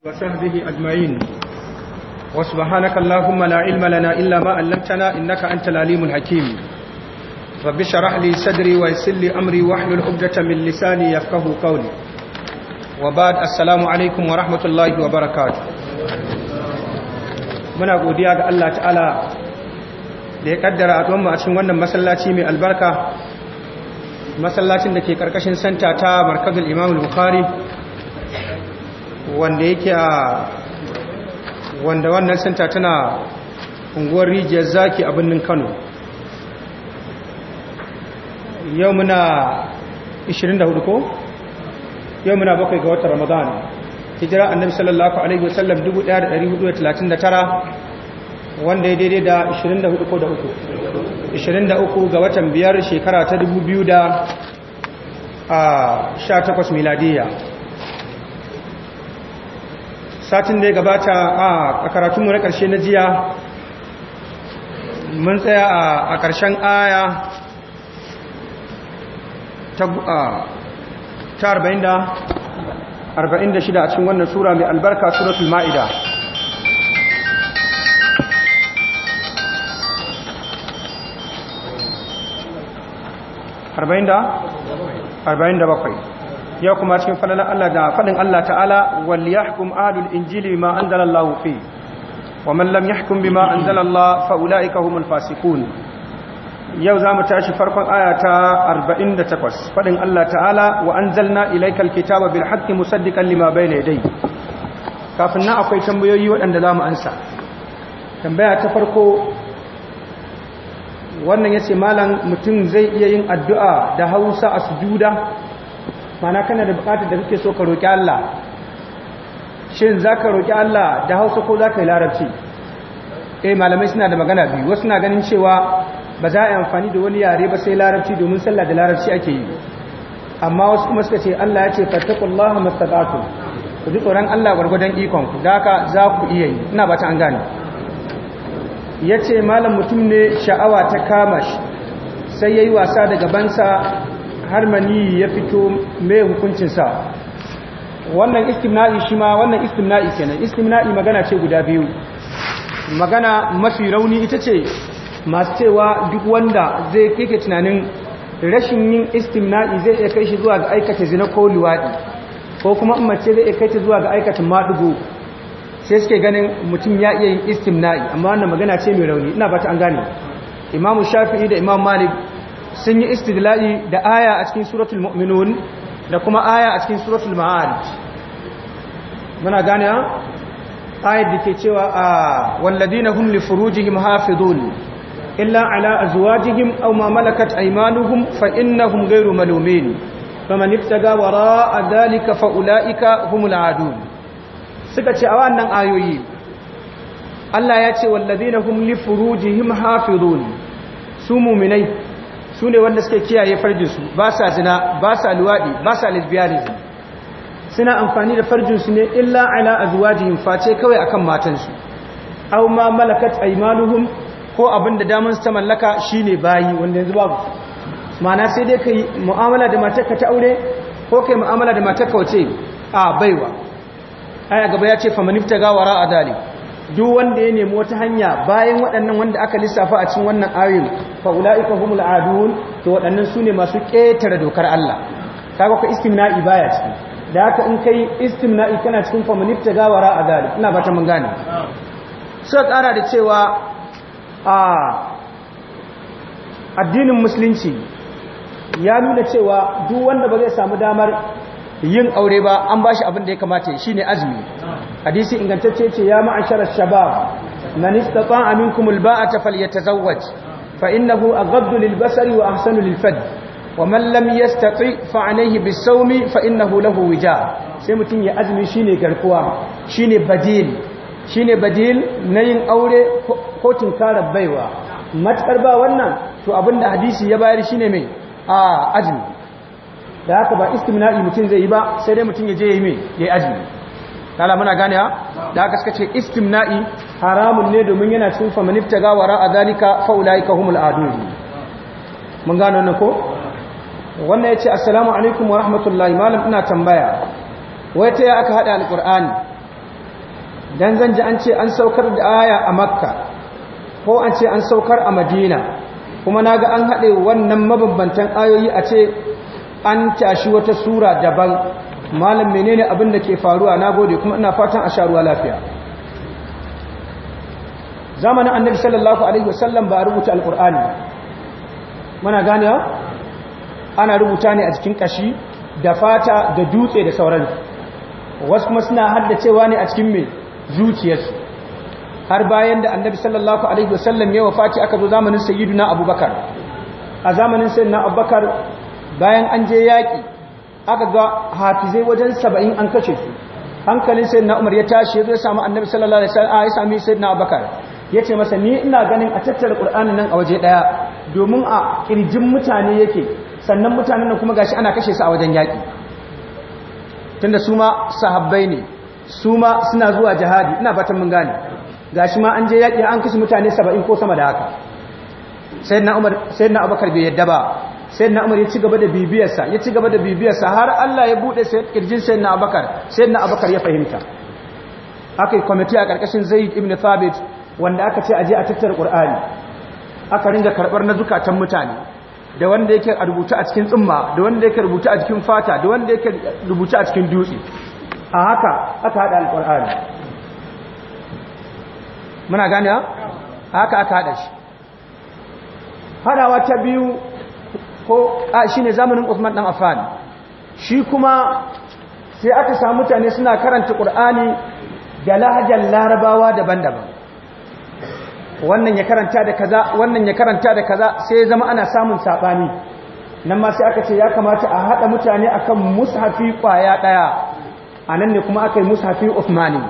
وصحبه أجمعين وسبحانك اللهم لا علم لنا إلا ما علمتنا إنك أنت العليم الحكيم رب اشرح لي صدري ويسر لي أمري واحلل عقدة من لساني يفقه قولي وبعد السلام عليكم ورحمة الله وبركاته muna godiya ga Allah ta'ala da ya kaddara a tuwanmu a cikin wannan masallaci mai albarka masallacin da ke karkashin santa ta markazin imamul bukhari wanda yake a wanda wannan santa tana unguwar rijiyar zaki a birnin kano yau muna 24 ko yau muna bakwai ga watan ramadan hijira annabi sallallahu alaihi wasallam 1439 wanda ya daidai da 24 ko da uku 23 ga watan biyar shekara ta 2018 miladiyya satin da ya gabata a karatunmu na ƙarshe na jiya mun tsaya a ƙarshen aya ta 46 a cikin wannan sura mai albarka suratul ma'ida arba'in da arba'in da bakwai ya kuma cikin falalan Allah da fadin Allah ta'ala wal yahkum ahlul injili ma anzalallahu fi wa man lam yahkum bima anzalallahu fa ulaika humul fasiqun yau zamu tashi farkon aya ta 48 faɗin Allah ta'ala wa anzalna ilaykal kitaba bil haqqi musaddiqan lima bayna yadayhi kafin nan akwai tambayoyi waɗanda zamu ansa tambaya ta farko wannan yace malam mutum zai iya yin addu'a da Hausa a sujuda mana kana da bukatar da kake so ka roƙi Allah shin za ka roƙi Allah da hausa ko za ka yi larabci eh malamai suna da magana biyu wasu na ganin cewa ba za a yi amfani da wani yare ba sai larabci domin sallah da larabci ake yi amma wasu kuma suka ce Allah ya ce fattakullahu mastata'tu ku ji tsoron Allah gwargwadon ikon ku da za ku iya yi ina ba ta an gane yace malam mutum ne sha'awa ta kama shi sai yayi wasa da gabansa har mani ya fito mai hukuncinsa wannan istimna'i shi ma wannan istimna'i kenan istimna'i magana ce guda biyu magana mafi rauni ita ce masu cewa duk wanda zai keke tunanin rashin yin istimna'i zai iya kai shi zuwa ga aikata zina ko luwaɗi ko kuma mace zai iya kai ta zuwa ga aikata maɗugo sai suke ganin mutum ya iya yin istimna'i amma wannan magana ce mai rauni ina ba ta an gane imamu shafi'i da imam malik sun yi istidlali da aya a cikin suratul mu'minun da kuma aya a cikin suratul ma'arij muna gane ayar da ke cewa a ah, walladina hum li furujihim hafizun illa ala azwajihim aw ma malakat aymanuhum fa innahum ghayru malumin faman ibtaga wara'a dhalika fa ulaika humul adun suka ce a wannan ayoyi Allah ya ce walladina hum li furujihim hafizun su mu'minai su ne wanda suke kiyaye farjinsu ba sa zina ba sa luwaɗi ba sa lesbianism suna amfani da farjinsu ne illa ala azwajihim face kawai akan matansu aw ma malakat aymanuhum ko abin da daman su ta mallaka shine bayi wanda yanzu babu ma'ana sai dai kai mu'amala da ka ta aure ko kai mu'amala da ka wace a baiwa aya gaba ya ce famanifta gawara a duk wanda ya nemi wata hanya bayan waɗannan wanda aka lissafa a cikin wannan ayin fa ulaika humul adun to waɗannan sune masu ƙetare dokar Allah kaga ka istimna'i baya ciki da haka in kai istimna'i kana cikin fa munifta gawara a gari. ina ba mun gane sai ƙara da cewa a addinin musulunci ya nuna cewa duk wanda ba zai samu damar yin aure ba an bashi abin da ya kamata ne azumi hadisi ingantacce ce ya ma'ashara shabab man istata'a minkum alba'ata falyatazawwaj fa innahu aghaddu lilbasari wa ahsanu lilfad wa man lam yastati fa alayhi bisawmi fa innahu lahu wija sai mutum ya azumi shine garkuwa shine badil shine badil na yin aure ko tinkarar baiwa Matsar ba wannan to abinda hadisi ya bayar shine mai a azumi da haka ba istimna'i mutum zai yi ba sai dai mutum ya je ya yi mai ya yi azumi kala muna gane ha da haka suka ce istimna'i haramun ne domin yana cin famanifta gawara a zalika fa'ula'ika humul aduni mun gano wannan ko wannan ya ce assalamu alaikum wa rahmatullahi malam ina tambaya wai ta ya aka haɗa alƙur'ani dan zan ji an ce an saukar da aya a makka ko an ce an saukar a madina kuma na ga an haɗe wannan mabambantan ayoyi a ce an tashi wata sura daban malam menene abin da ke faruwa na gode kuma ina fatan a sha ruwa lafiya zamanin annabi sallallahu alaihi wasallam ba a rubuta alkur'ani muna ganewa ana rubuta ne a cikin kashi da fata da dutse da sauran wasu kuma suna haddacewa ne a cikin mai zuciyarsu har bayan da annabi sallallahu alaihi wasallam ya wafati aka zo zamanin sayyiduna abubakar a zamanin sayyiduna abubakar bayan an je yaƙi aka ga hafizai wajen saba'in an kashe su hankalin sai na umar ya tashi ya zo ya samu annabi sallallahu alaihi wasallam ah, ya sami sai na abakar ya ce masa ni ina ganin a tattara ƙur'anin nan a waje ɗaya domin a ƙirjin mutane yake sannan mutanen nan kuma gashi ana kashe su a wajen yaƙi tunda su ma sahabbai ne su ma suna zuwa jihadi ina fatan mun gane gashi ma an je yaƙi an kashe mutane saba'in ko sama da haka sayyidina umar sayyidina abakar bai yadda ba na umar ya ci gaba da bibiyarsa ya ci gaba da bibiyarsa har Allah ya bude sai kirjin sayyidina abakar na abakar ya fahimta aka yi kwamiti a karkashin zaid ibn thabit wanda aka ce aje a tattara qur'ani aka ringa karɓar na zukatan mutane da wanda yake rubuta a cikin tsumma da wanda yake rubuta a cikin fata da wanda yake rubuta a cikin dutse a haka aka haɗa alƙur'ani muna gane ha haka aka haɗa shi hadawa ta biyu ko a ne zamanin Uthman dan Affan shi kuma sai aka samu mutane suna karanta Qur'ani da lahajar larabawa daban-daban wannan ya karanta da kaza wannan ya karanta da kaza sai ya zama ana samun sabani nan ma sai aka ce ya kamata a haɗa mutane akan mushafi kwaya daya anan ne kuma aka yi mushafi Uthmani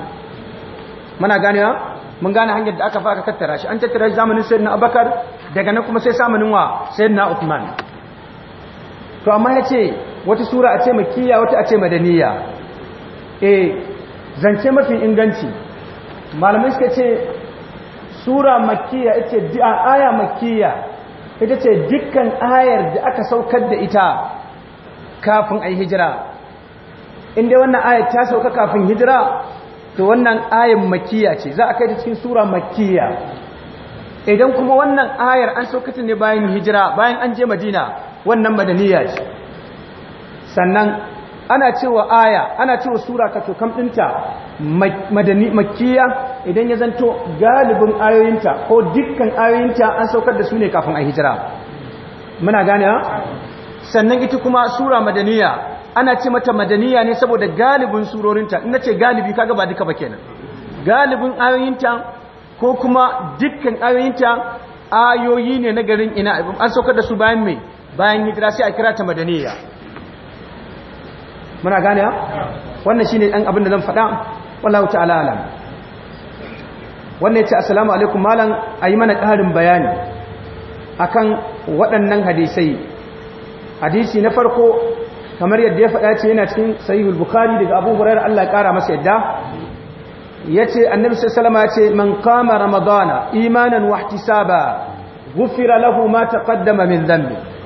muna ganewa mun gane hanyar da aka fara tattara shi an tattara zamanin sayyidina abakar daga nan kuma sai samanin wa sayyidina uthman to amma ya ce wata sura a ce makiya wata a ce madaniya e eh, zance mafi inganci malamai suka ce sura makiya ita ce aya makiya ita ce dukkan ayar da aka saukar da ita kafin a yi hijira inda wannan ayar ta sauka kafin hijira to wannan ayar makiya ce za a kai ta cikin sura makiya idan kuma wannan ayar an saukata ne bayan hijira bayan an je madina wannan madaniya ce sannan ana cewa aya ana cewa sura ka to kam dinta madani makkiya idan ya zanto galibin ayoyinta ko dukkan ayoyinta an saukar da su ne kafin a hijira muna gane ha sannan ita kuma sura madaniya ana ce mata madaniya ne saboda galibin surorinta in nace galibi kaga ba duka ba kenan galibin ayoyinta ko kuma dukkan ayoyinta ayoyi ne na garin ina an saukar da su bayan mai bayan hijira sai a kira ta madaniya muna gane wannan shine dan abin da zan faɗa wallahu ta'ala alam wannan yace assalamu alaikum malam ayi mana ƙarin bayani akan waɗannan hadisai hadisi na farko kamar yadda ya faɗa ce yana cikin sahihul bukhari daga abu hurairah Allah ya ƙara masa yadda yace annabi sallallahu alaihi wasallam ce man qama ramadana imanan wa ihtisaba ghufira lahu ma taqaddama min dhanbi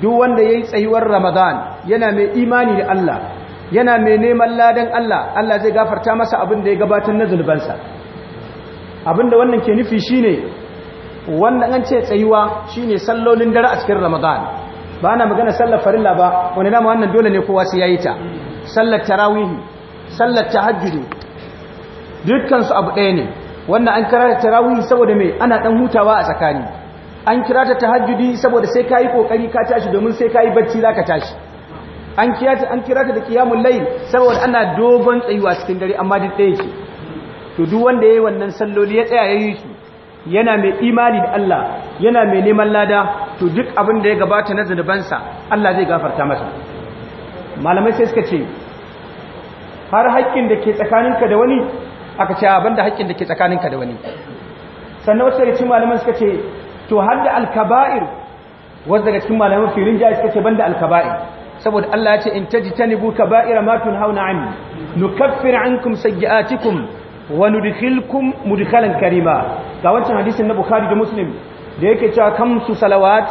duk wanda ya yi tsayuwar ramadan yana mai imani da Allah yana mai neman ladan Allah Allah zai gafarta masa abin da ya gabatar na Abin da wannan ke nufi shi ne wanda an ce tsayuwa shi ne sallolin dare a cikin ramadan ba na magana sallar farilla ba wani dama wannan dole ne kowa sai yi ta sallar tarawihi sallar tahajjudi dukkan su abu ɗaya ne wanda an karar tarawihi saboda mai ana ɗan hutawa a tsakani an kira ta tahajjudi saboda sai kayi kokari ka tashi domin sai kayi bacci zaka tashi an kira ta an kira ta da qiyamul layl saboda ana dogon tsayuwa cikin dare amma duk ɗaya ce to duk wanda yayi wannan salloli ya tsaya yayi shi yana mai imani da Allah yana mai neman lada to duk abin da ya gabata na sa Allah zai gafarta masa malamai sai suka ce har haƙƙin da ke tsakaninka da wani aka ce abinda haƙƙin da ke tsakaninka da wani sannan wasu daga malaman suka ce to har da alkaba'ir wasu daga cikin malaman filin jaya suka ce banda alkaba'ir saboda Allah ya ce in bu kaba'ira ma tunhauna anhu nukaffir ankum sayyi'atikum wa nudkhilkum mudkhalan karima ga wancan hadisin na Bukhari da Muslim da yake cewa su salawat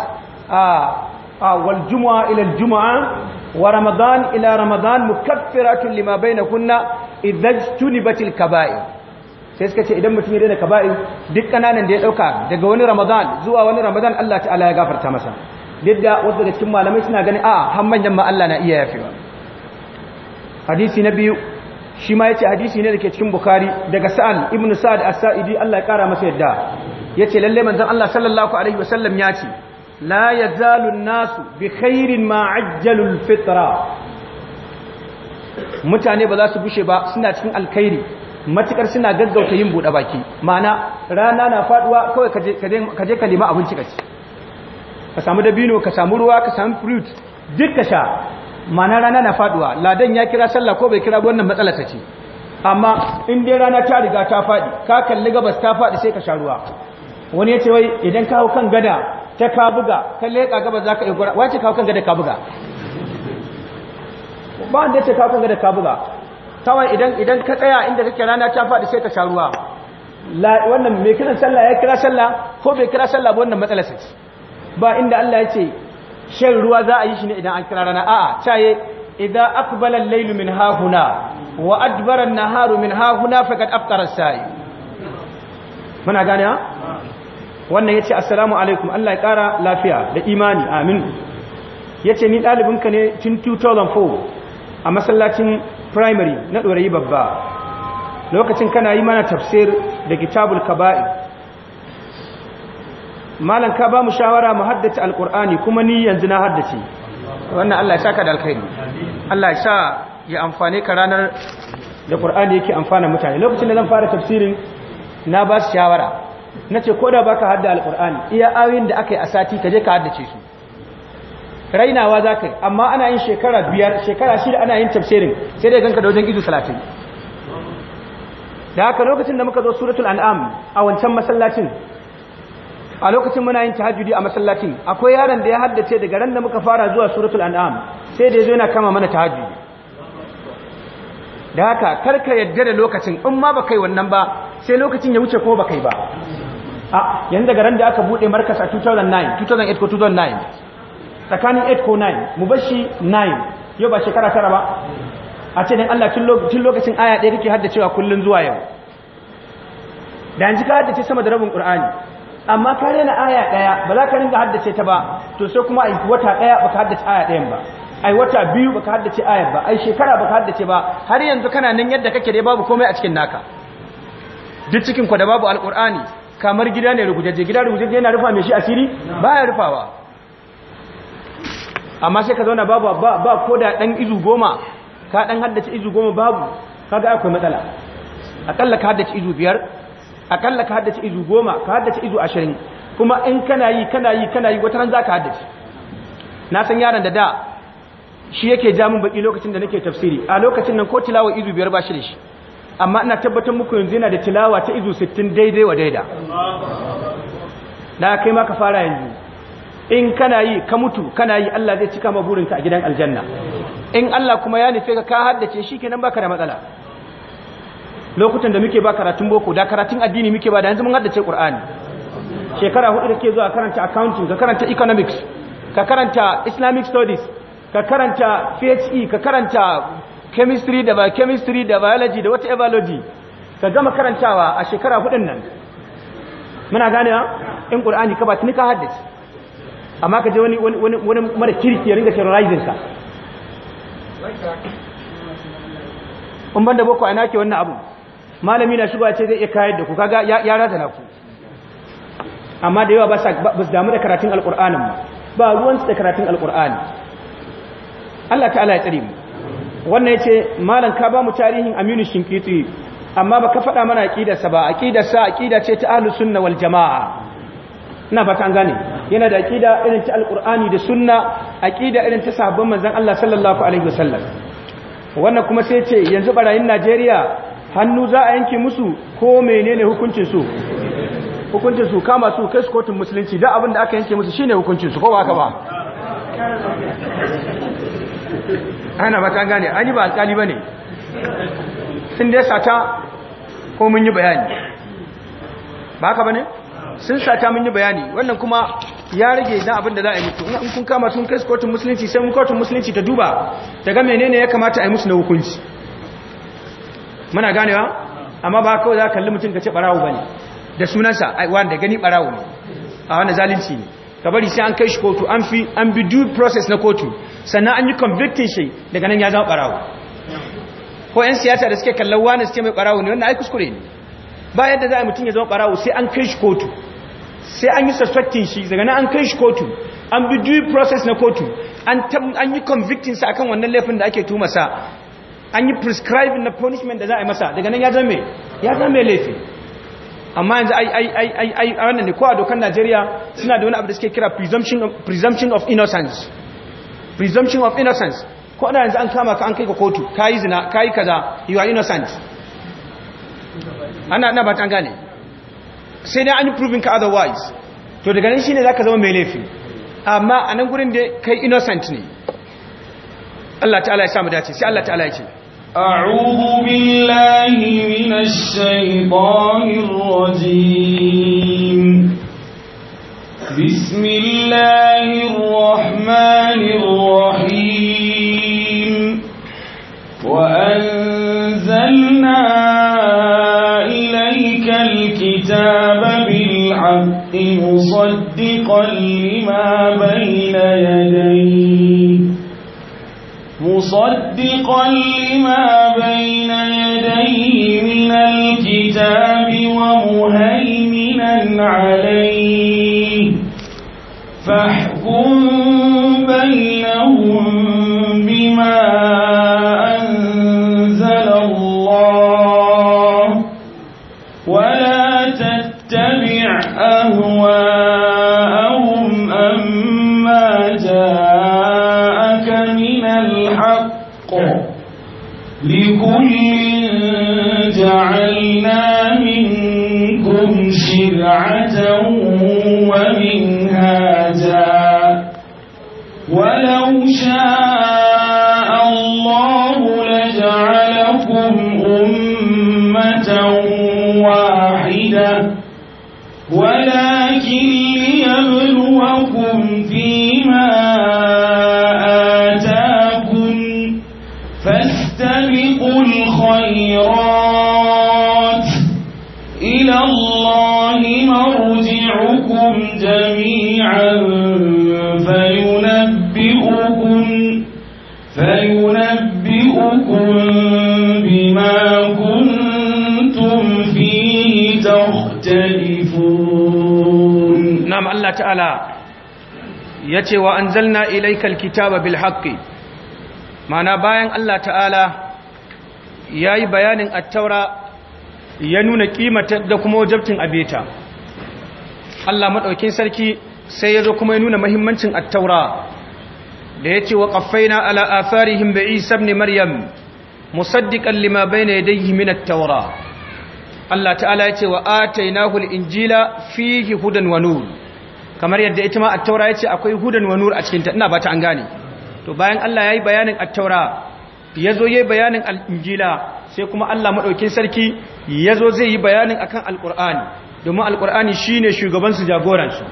a wal jumu'a ila al jumu'a wa ramadan ila ramadan mukaffiratun lima bainakunna idza jtunibatil kaba'ir sai suka ce idan mutum ya daina kaba'i duk kananan da ya dauka daga wani ramadan zuwa wani ramadan Allah ta'ala ya gafarta masa duk da wasu daga cikin malamai suna ganin a har manyan ma Allah na iya yafewa hadisi na biyu shi ma yace hadisi ne dake cikin bukhari daga sa'al ibnu sa'ad as-sa'idi Allah ya kara masa yadda yace lalle manzon Allah sallallahu alaihi wasallam ya ce la yazalu an-nasu bi khairin ma ajjalu al-fitra mutane ba za su bushe ba suna cikin alkhairi matukar suna gaggauta yin buɗe baki mana rana na faduwa kawai ka je ka nema abinci ka ci ka samu dabino ka samu ruwa ka samu fruit duk ka sha mana rana na faduwa ladan ya kira sallah ko bai kira wannan matsala ta ce amma in dai rana ta riga ta fadi ka kalli gabas ta fadi sai ka sha ruwa wani ya ce wai idan ka kan gada ta ka buga ka leƙa gabas za ka yi gura wace ka kan gada ka buga ba wanda ya ce ka kan gada ka buga kawai idan idan ka tsaya inda kake rana ta faɗi sai ka sha ruwa wannan mai kiran sallah ya kira sallah ko bai kira sallah ba wannan matsalar sai ba inda Allah ya ce shan ruwa za a yi shi ne idan an kira rana a'a caye idan aqbala al-layl min hahuna wa adbara an-naharu min hahuna faqad afṭara as-sā'im muna gane ha wannan yace assalamu alaikum Allah ya kara lafiya da imani amin yace ni dalibinka ne tun 2004 a masallacin primary na ɗorayi babba lokacin kana yi mana tafsir da kitabul kaba'i malam ka ba mu shawara mu haddace alkur'ani kuma ni yanzu na haddace wannan Allah ya saka da alkhairi Allah ya sa ya amfane ka ranar da qur'ani yake amfana mutane lokacin da zan fara tafsirin na ba su shawara nace ko da baka hadda alkur'ani iya ayoyin da aka yi a sati ka je ka haddace su rainawa za ka yi amma ana yin shekara biyar shekara shida ana yin tafsirin sai dai ganka da wajen izu talatin da haka lokacin da muka zo suratul an'am a wancan masallacin a lokacin muna yin tahajjudi a masallacin akwai yaron da ya haddace daga ran da muka fara zuwa suratul an'am sai da zo yana kama mana tahajjudi da haka karka yadda da lokacin in ma baka yi wannan ba sai lokacin ya wuce ko ba kai ba a yanzu daga ran da aka bude markas a 2009 2008 ko 2009 tsakanin 8 ko 9 mu bashi 9 yau ba shekara tara ba a ce dan Allah tun lokacin aya ɗaya kake haddacewa kullun zuwa yau da yanzu ka haddace sama da rabin Qur'ani amma ka rena aya ɗaya ba za ka ringa haddace ta ba to sai kuma a wata ɗaya baka haddace aya ɗayan ba ai wata biyu baka haddace aya ba ai shekara baka haddace ba har yanzu kana nan yadda kake dai babu komai a cikin naka duk cikin ku da babu alƙur'ani kamar gida ne rugujeje gida rugujeje yana rufa mai shi asiri baya rufawa amma sai ka zauna babu ba ko da ɗan izu goma ka ɗan haddace izu goma babu kaga akwai matsala akalla ka haddace izu biyar akalla ka haddace izu goma ka haddace izu ashirin kuma in kana yi kana yi kana yi wata ran za ka haddace na san yaron da da shi yake ja min baki lokacin da nake tafsiri a lokacin nan ko tilawa izu biyar ba shi da shi amma ina tabbatar muku yanzu yana da tilawa ta izu sittin daidai wa daida na kai ma ka fara yanzu in kana yi ka mutu kana yi Allah zai cika ma burinka a gidan aljanna in Allah kuma ya nufe ka ka haddace shi kenan baka da matsala lokutan da muke ba karatun boko da karatun addini muke ba da yanzu mun haddace Qur'ani shekara hudu da ke zuwa karanta accounting ka karanta economics ka karanta islamic studies ka karanta PHE ka karanta chemistry da biochemistry da biology da wata biology ka gama karantawa a shekara hudun nan muna ganewa in Qur'ani ka ba tuni ka haddace amma ka je wani mara kirki ya ringa terrorizing ka in banda boko a nake wannan abu malami na shigowa ce zai iya kayar da ku kaga ya rata na ku amma da yawa ba su damu da karatun alkur'anin ba ruwansu da karatun alkur'ani Allah ta'ala ya tsare mu wannan ya ce malam ka ba mu tarihin aminu shinkiti amma ba ka faɗa mana aƙidarsa ba aƙidarsa aƙida ce ta ahlus sunna wal jama'a ina fata an gane yana da aqida irin ta alqur'ani da sunna aqida irin ta sahabban manzon Allah sallallahu alaihi wasallam wannan kuma sai ce yanzu barayin Najeriya hannu za a yanke musu ko menene hukuncin su hukuncin su kama su kai su kotun musulunci da abin da aka yanke musu shine hukuncin su ko ba haka ba ana ba ta gane ani ba alkali bane sun dai sata ko mun yi bayani ba haka ba ne sun sata mun yi bayani wannan kuma ya rage na abin da za a yi mutu in kun kama sun kai kotun musulunci sai mun kotun musulunci ta duba ta ga menene ya kamata a yi musu na hukunci muna ganewa amma ba kawai za ka kalli mutum ka ce barawo bane da sunansa wanda gani barawo ne a wannan zalunci ne ka bari sai an kai shi kotu an fi an bi due process na kotu sannan an yi convicting shi daga nan ya zama barawo ko yan siyasa da suke kallon wani suke mai barawo ne wannan ai kuskure ne bayan da za a mutum ya zama barawo sai an kai shi kotu sai an yi suspectin shi daga nan an kai shi kotu an bi due process na kotu an yi convicting sa akan wannan laifin da ake tuma sa an yi prescribing na punishment da za a yi masa daga nan ya zama ya zama laifi amma yanzu ai ai ai ai ai wannan ne ko a dokar Najeriya suna da wani abu da suke kira presumption of, presumption of innocence presumption of innocence ko ana yanzu an kama ka an kai ka kotu yi zina yi kaza you are innocent ana na batan gane sai dai an yi proving ka otherwise to daga nan shine zaka zama mai laifi amma a nan gurin da kai innocent ne Allah ta'ala ya samu dace sai Allah ta'ala ya ce a'udhu billahi minash الشيطان rajim bismillahir rahmanir الحق مصدقا لما بين يديه مصدقا لما بين يديه من الكتاب ومهيمنا عليه فاحكم بينهم بما فينبئكم بما كنتم فيه تختلفون نعم الله تعالى يتي وأنزلنا إليك الكتاب بالحق ما نباين الله تعالى يا بيان التورى ينون كيمة دكم وجبت أبيتا الله مدعوكين سركي سيدكم ينون مهمة التورى التورى da ce wa qaffayna ala atharihim bi isa ibn maryam Musaddikan lima bayna yadayhi min at-taura Allah ta'ala ce wa na al-injila fihi hudan wa nur kamar yadda ita ma a taura ce akwai hudan wa nur a cikinta ta ina ba ta an gane to bayan Allah ya yi bayanin a taura ya yayi bayanin al-injila sai kuma Allah maɗaukin sarki ya zo zai yi bayanin akan al domin al shi shine shugabansu jagoransu.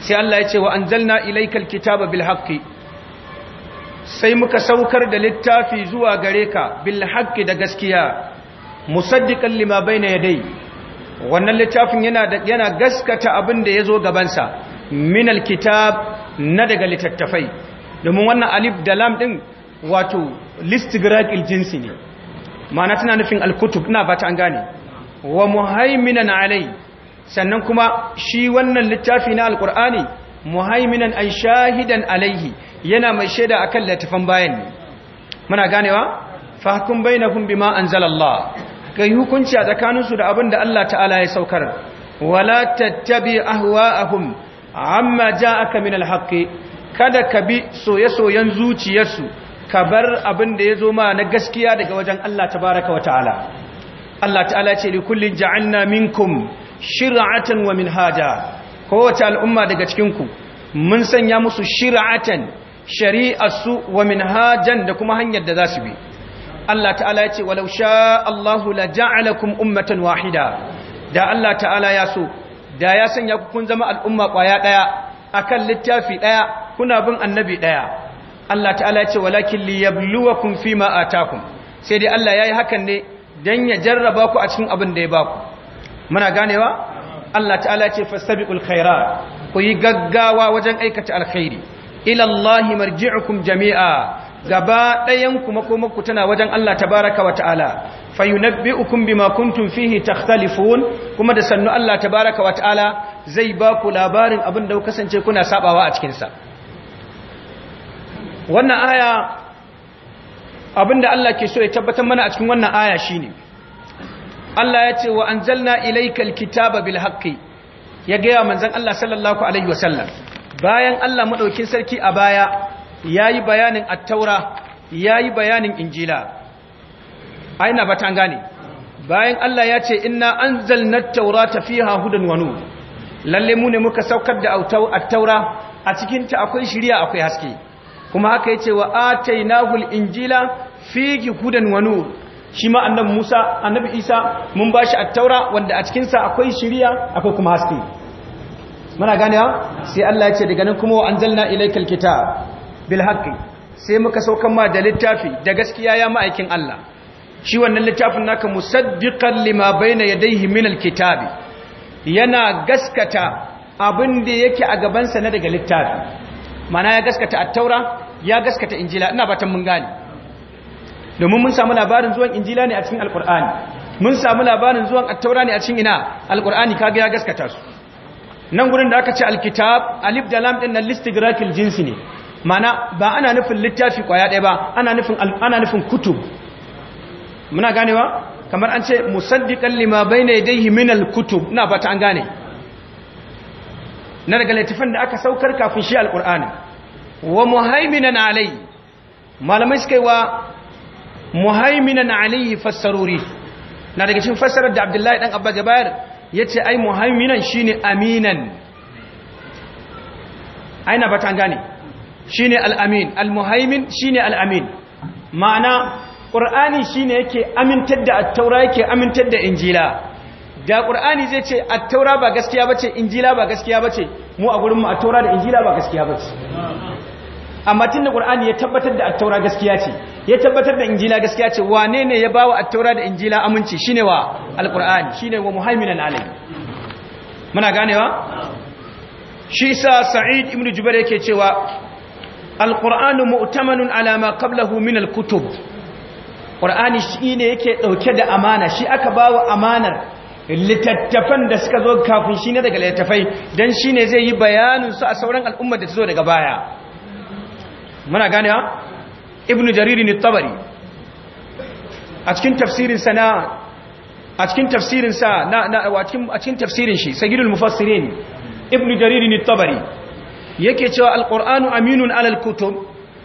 sai Allah ce wa anzalna ilaikal kitaba bil sai muka saukar da littafi zuwa gare ka bil haqqi da gaskiya musaddiqan lima bayna yadai wannan littafin yana yana gaskata abin da yazo gaban sa min alkitab na daga littattafai domin wannan alif da lam din wato listigraqil jinsi ne ma'ana tana nufin alkutub ina ba ta an gane wa muhaiminan alai sannan kuma shi wannan littafi na alqur'ani muhaiminan an shahidan alaihi yana mai shaida akan latifan bayan ne muna ganewa na bainahum bima anzalallah kai hukunci a tsakaninsu da abin da Allah ta'ala ya saukar wala tattabi ahwa'ahum amma ja'aka min alhaqi kada ka bi soye-soyen zuciyarsu ka bar abin da ya zo ma na gaskiya daga wajen Allah tabaraka wa ta'ala Allah ta'ala ce likullin ja'anna minkum shir'atan wa minhaja kowace al'umma daga cikin ku mun sanya musu shir'atan shari'arsu wa minhajan da kuma hanyar da za su bi Allah ta'ala ya ce walau sha Allahu la ja'alakum ummatan wahida da Allah ta'ala ya so da ya sanya ku kun zama al'umma kwaya daya akan littafi daya kuna bin annabi daya Allah ta'ala ya ce walakin liyabluwakum fima atakum sai dai Allah yayi hakan ne dan ya jarraba ku a cikin abin da ya baku muna ganewa Allah ta'ala ya ce fastabiqul khairat ku yi gaggawa wajen aikata alkhairi ilallahi Allah marji'ukum jami'a gaba ɗayan kuma kuma ku tana wajen Allah tabaraka wa ta'ala fayunabbi'ukum bima kuntum fihi takhtalifun kuma da sannu Allah tabaraka wa ta'ala zai ba ku labarin abin da kasance kuna sabawa a cikin sa wannan aya abinda da Allah ke so ya tabbatar mana a cikin wannan aya shine Allah ya ce wa anzalna ilaykal kitaba bil haqqi ya ga manzon Allah sallallahu alaihi wasallam bayan Allah madaukin sarki a baya yayi bayanin at-taura yayi bayanin injila aina ba tan gane bayan Allah ya ce inna anzalna at-taurata fiha hudan wa nur lalle mu ne muka saukar da at-taura a cikin akwai shiriya akwai haske kuma haka ya yace wa atainahul injila fihi hudan wa shi ma annabi Musa annabi Isa mun bashi at-taura wanda a cikinsa akwai shiriya akwai kuma haske muna ganewa sai Allah ya ce daga nan kuma wa anzalna ilaykal kitab bil haqqi sai muka saukan ma da littafi da gaskiya ya ma'aikin Allah shi wannan littafin naka musaddiqan lima bayna yadayhi min alkitabi yana gaskata abin da yake a gabansa na daga littafi mana ya gaskata at-taura ya gaskata injila ina batan mun gane domin mun samu labarin zuwan injila ne a cikin alqur'ani mun samu labarin zuwan at-taura ne a cikin ina alqur'ani kaga ya gaskata su nan gurin da aka ce alkitab alif da lam din nan listigrakil jinsi ne mana ba ana nufin littafi kwaya ɗaya ba ana nufin ana nufin kutub muna ganewa kamar an ce musaddiqan lima bayna yadayhi min alkutub ina fata an gane na daga littafin da aka saukar kafin shi alqur'ani wa muhaiminan alai malamai suka yi wa muhaiminan alai fassarori na daga cikin fassarar da abdullahi dan abba gabayar ya ce ai muhaiminan shi ne aminan aina ba ta gane shi ne al'amin al-muhaimin shi ne al'amin ma'ana ƙur'ani shi ne yake amintar da attaura yake amintar da injila da ƙur'ani zai ce attaura ba gaskiya ba ce injila ba gaskiya ba ce mu a gurinmu attaura da injila ba gaskiya ba ce amma da qur'ani ya tabbatar da attaura gaskiya ce ya tabbatar da injila gaskiya ce wane ne ya bawa wa attaura da injila aminci ne wa al shi ne wa muhaiminan alayhi muna ganewa shi sa sa'id ibn jubair yake cewa al-qur'anu mu'tamanun ala ma qablahu min kutub qur'ani ne yake ɗauke da amana shi aka bawa amanar littattafan da suka zo kafin shi ne daga littattafai don shi ne zai yi bayanin su a sauran al'ummar da ta zo daga baya muna gane ha ibn jariri ne tabari a cikin sa na a cikin na a cikin tafsirin shi sagidul mufassirin ibn jariri ne tabari yake cewa alqur'anu aminun alal kutub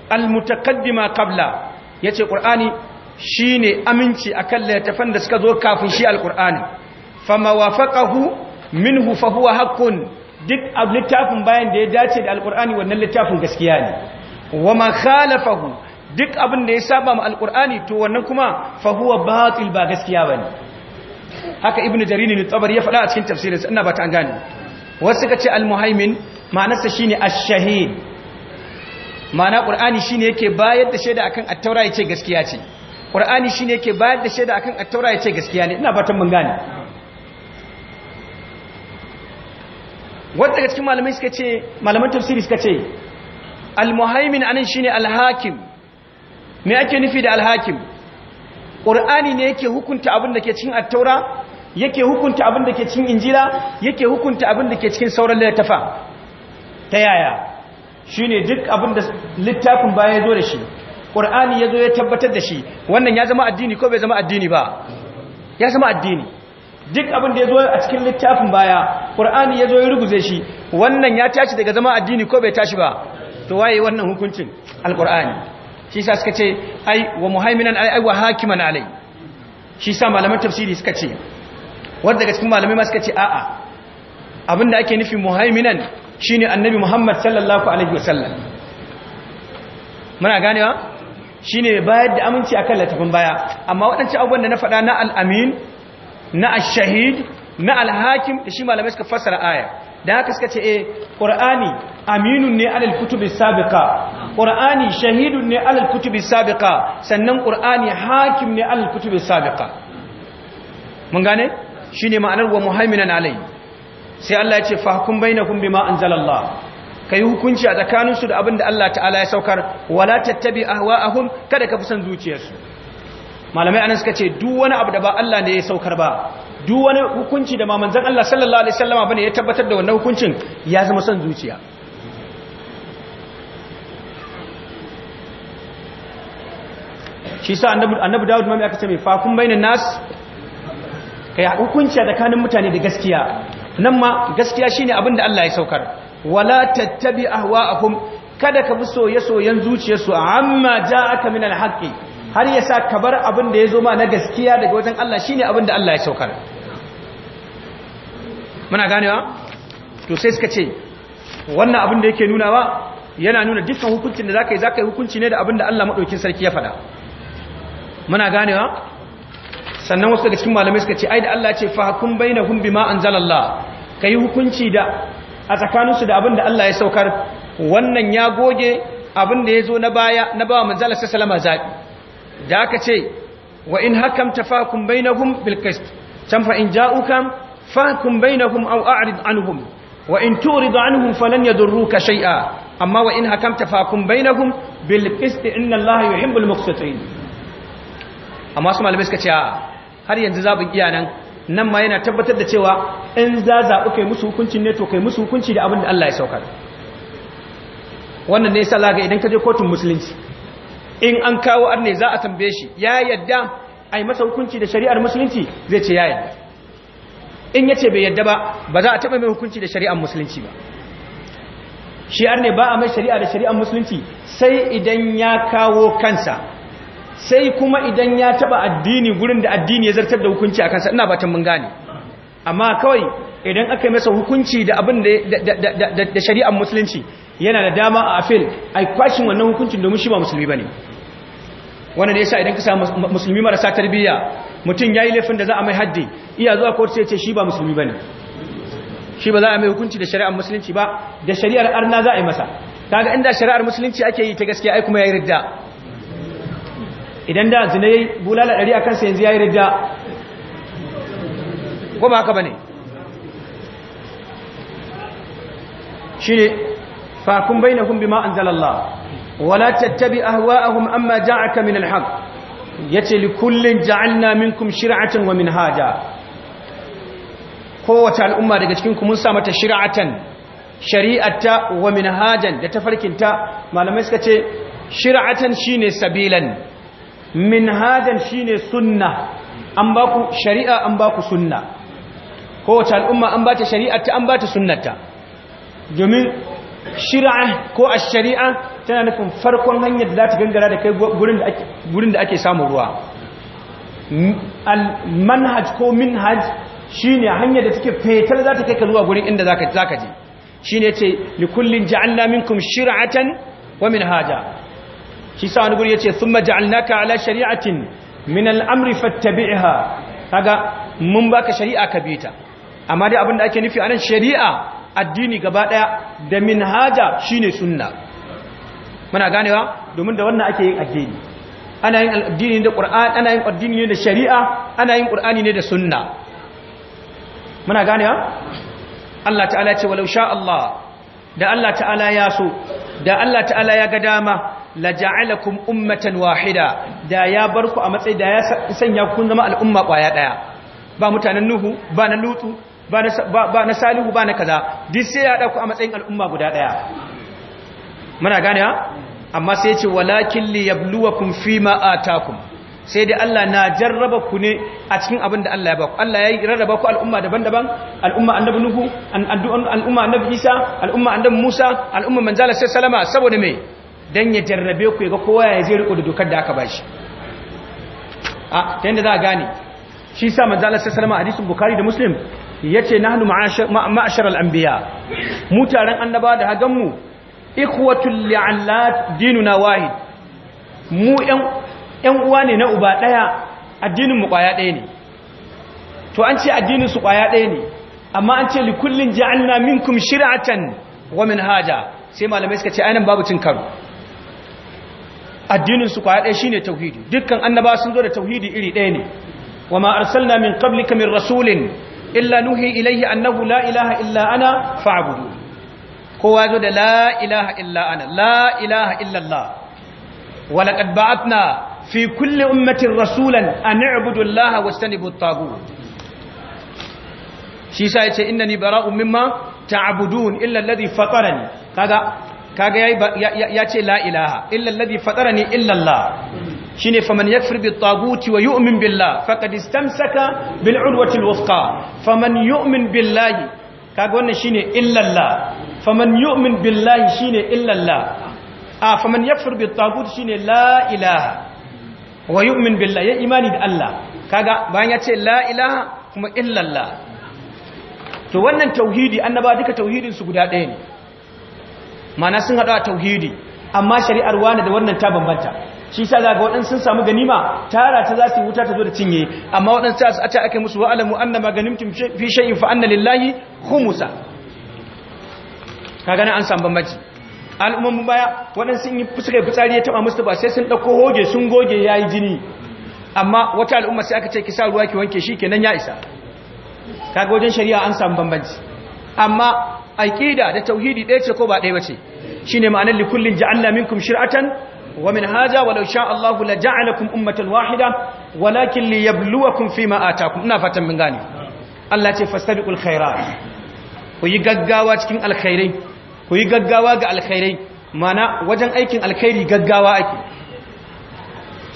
almutaqaddima qabla yace qur'ani shine aminci akan littafan da suka zo kafin shi alqur'ani famawafaqahu minhu fa huwa haqqun duk littafin bayan da ya dace da alqur'ani wannan littafin gaskiya ne wa ma khalafahu duk abin da ya saba ma alqur'ani to wannan kuma fa huwa batil ba gaskiya bane haka ibnu jarir ne tabari ya faɗa a cikin tafsirinsa ina ba ta gane wasu suka ce al ma'anarsa shine ash-shahid ma'ana qur'ani shine yake bayar da shaida akan at-taura yace gaskiya ce qur'ani shine yake bayar da shaida akan at-taura yace gaskiya ne ina ba ta mun gane wanda daga cikin malamai suka ce malaman tafsiri suka ce al-muhaimin anan shine al-hakim me ake nufi da al-hakim qur'ani ne yake hukunta abin da ke cikin at-taura yake hukunta abin da ke cikin injila yake hukunta abin da ke cikin sauran littafa ta yaya shine duk abin da littafin baya ya zo da shi qur'ani ya zo ya tabbatar da shi wannan ya zama addini ko bai zama addini ba ya zama addini duk abin da ya zo a cikin littafin baya qur'ani ya zo ya ruguze shi wannan ya tashi daga zama addini ko bai tashi ba to waye wannan hukuncin alqur'ani shi sa suka ce ai wa muhaiminan ai wa hakiman alai shi sa malaman tafsiri suka ce wanda daga cikin malamai ma suka ce a'a abinda ake nufi muhaiminan shine annabi muhammad sallallahu alaihi wasallam muna ganewa shine bayar da aminci akan latifin baya amma waɗancan abubuwan da na faɗa na al-amin na ash-shahid na al-hakim da shi malamai suka fassara aya da haka suka ce ƙor'ani eh, aminun ne alal kutubi sabika ƙor'ani shahidun ne alal kutubi sabika sannan ƙor'ani hakim ne alal kutubi sabika mun gane Shi ne ma'anar wa muhaiminan alai sai Allah ya ce kumbi ma'an bima Ka yi hukunci a tsakaninsu da abin da Allah ta'ala ya saukar wala tattabi ahwa'ahum kada ka fi son zuciyarsu malamai anan suka ce duk wani abu da ba Allah ne ya saukar ba duk wani hukunci da mamanzan Allah sallallahu alaihi wasallama bane ya tabbatar da wannan hukuncin ya zama son zuciya shi sa annabi Dawud mami aka ce mai fakun bainan nas kai hukunci tsakanin mutane da gaskiya nan ma gaskiya shine abin da Allah ya saukar wala tattabi ahwa'ahum kada ka bi soye-soyen zuciyarsu amma ja'aka min al haƙƙi har yasa ka bar abin da ya zo ma na gaskiya daga wajen Allah shine abin da Allah ya saukar muna ganewa to sai suka ce wannan abin da yake nuna ba yana nuna dukkan hukuncin da zaka yi zaka yi hukunci ne da abin da Allah madaukin sarki ya fada muna ganewa sannan wasu daga cikin malamai suka ce ai da Allah ce fa hukum bainahum bima anzalallah kai hukunci da a tsakaninsu da abin da Allah ya saukar wannan ya goge abin da ya zo na baya na ba manzala sallama zabi da aka ce wa in hakam tafakum bainahum bil qist can in ja'ukum a'rid anhum wa in turid anhum falan yadurruka shay'a amma wa in hakamta حكمت فاحكم bil qist inna allaha yuhibbul muqsitin amma su malamai suka ce har yanzu zaɓin iya nan nan ma yana tabbatar da cewa in za zaɓi kai musu hukuncin ne to kai musu hukunci da abin da Allah ya saukar wannan ne yasa laga idan ka je kotun musulunci in an kawo arne za a tambaye shi ya yadda ai masa hukunci da shari'ar musulunci zai ce ya yadda in yace bai yadda ba ba za a taba mai hukunci da shari'ar musulunci ba ar ne ba a mai shari'a da shari'ar musulunci sai idan ya kawo kansa sai kuma idan ya taba addini gurin da addini ya zartar da hukunci a kansa ina batan mun gane amma kawai idan aka yi masa hukunci da abin da shari'ar musulunci yana da dama a afil ai kwashin wannan hukuncin domin shi ba musulmi ba ne wannan ya sa idan ka samu musulmi marasa tarbiyya mutum ya yi laifin da za a mai haddi iya zuwa court sai ce shi ba musulmi bane shi ba za a mai hukunci da shari'ar musulunci ba da shari'ar arna za a yi masa ta ga inda shari'ar musulunci ake yi ta gaske ai kuma ya yi ridda idan da zina yayi bulala ɗari akan sa yanzu yi ridda ko ba haka bane shine fa kun bai na bainahum bima anzalallah wala tattabi ahwa'ahum amma ja'aka min alhaq yace li kullin ja'alna minkum shir'atan wa minhaja kowace al'umma daga cikin ku mun sa mata shir'atan shari'atta wa minhajan da tafarkinta malamai suka ce shir'atan shine sabilan minhajan shine sunna an ba ku shari'a an ba ku sunna kowace al'umma an ba ta shari'atta an ba ta sunnata domin shir'a ko a shari'a tana nufin farkon hanyar da ta gangara da kai gurin da ake samun ruwa manhaj ko minhaj shine hanyar da take fetar za ta kai ka zuwa gurin inda za ka je shi ne ce likullin ja'alna minkum shir'atan wa minhaja shi sa wani guri ya ce thumma ja'alnaka ala shari'atin min al'amri fattabi'ha kaga mun baka shari'a ka bi ta amma dai abin da ake nufi anan shari'a addini gaba daya da minhaja shine sunna muna ganewa domin da wannan ake yin addini ana yin addini da qur'ani ana yin addini ne da shari'a ana yin qur'ani ne da sunna muna ganewa Allah ta'ala ce walau sha Allah da Allah ta'ala ya so da Allah ta'ala ya ga dama la ja'alakum ummatan wahida da ya bar ku a matsayi da ya sanya ku zama al'umma kwaya daya ba mutanen nuhu ba na lutu ba na salihu ba na kaza duk sai ya ku a matsayin al'umma guda daya muna gane ha amma sai ce walakin li yabluwakum fima atakum sai dai Allah na jarraba ku ne a cikin abin da Allah ya baku Allah ya rarraba ku al'umma daban-daban al'umma annabi nuhu al'umma annabi isa al'umma annabi musa al'umma manzala sai salama saboda me dan ya jarrabe ku ga kowa ya je riko da dokar da aka ba shi. a ta yanda za a gane shi sa manzala sai salama hadisin bukhari da muslim yace nahnu ma'ashar al-anbiya mu taron annabawa da hagan mu ikhwatul li'allat dinuna wahid mu yan uwa ne na uba ɗaya addinin mu kwaya ne to an ce addinin su kwaya ɗaya ne amma an ce likullin ja'alna minkum shir'atan wa minhaja sai malamai suka ce anan babu cin karo addinin su ɗaya shine tauhidi dukkan annaba sun zo da tauhidi iri ɗaya ne wa ma arsalna min qablika min rasulin illa nuhi ilayhi annahu la ilaha illa ana fa'budu kowa zo da la ilaha illa ana la ilaha illa Allah wa laqad ba'athna fi kulli ummatin rasulan an abudu Allah wa stanibu at-taghut shi sa yace innani bara'un mimma ta'budun illa alladhi fatarani kaga kaga yayi yace la ilaha illa alladhi fatarani illa Allah shine faman yakfur bit taguti wa yu'min billah faqad istamsaka bil urwati al-wuthqa faman yu'min billahi kaga wannan shine illa Allah faman yu'min billahi shine illallah a ah, faman yakfur bit tagut shine la ilaha wa yu'min billahi ya imani da Allah kaga bayan ya ce la ilaha kuma illallah to wannan tauhidi annaba duka tauhidin su guda ɗaya ne mana sun a tauhidi amma shari'ar wani da wannan ta bambanta shi sa zaga waɗansu sun samu ganima tara ta za su wuta ta zo da cinye amma waɗansu a aka ake musu wa'alamu annama ganimtum fi shay'in fa anna lillahi khumsa kaga nan an samu bambanci al'umman baya waɗansu yi fuskar fitsari ya taɓa musu ba sai sun ɗauko hoge sun goge ya yi jini amma wata al'umma sai aka ce ki sa ruwa ki wanke shi kenan ya isa kaga wajen shari'a an samu bambanci amma aƙida da tauhidi ɗaya ce ko ba ɗaya shi shine ma'anar likullin ja'alna minkum shir'atan wa minhaja walau sha Allahu la ja'alakum ummatan wahida walakin liyabluwakum fima atakum ina fatan mun gane Allah ce fastabiqul khairat ku yi gaggawa cikin alkhairai ku yi gaggawa ga alkhairai mana wajen aikin alkhairi gaggawa ake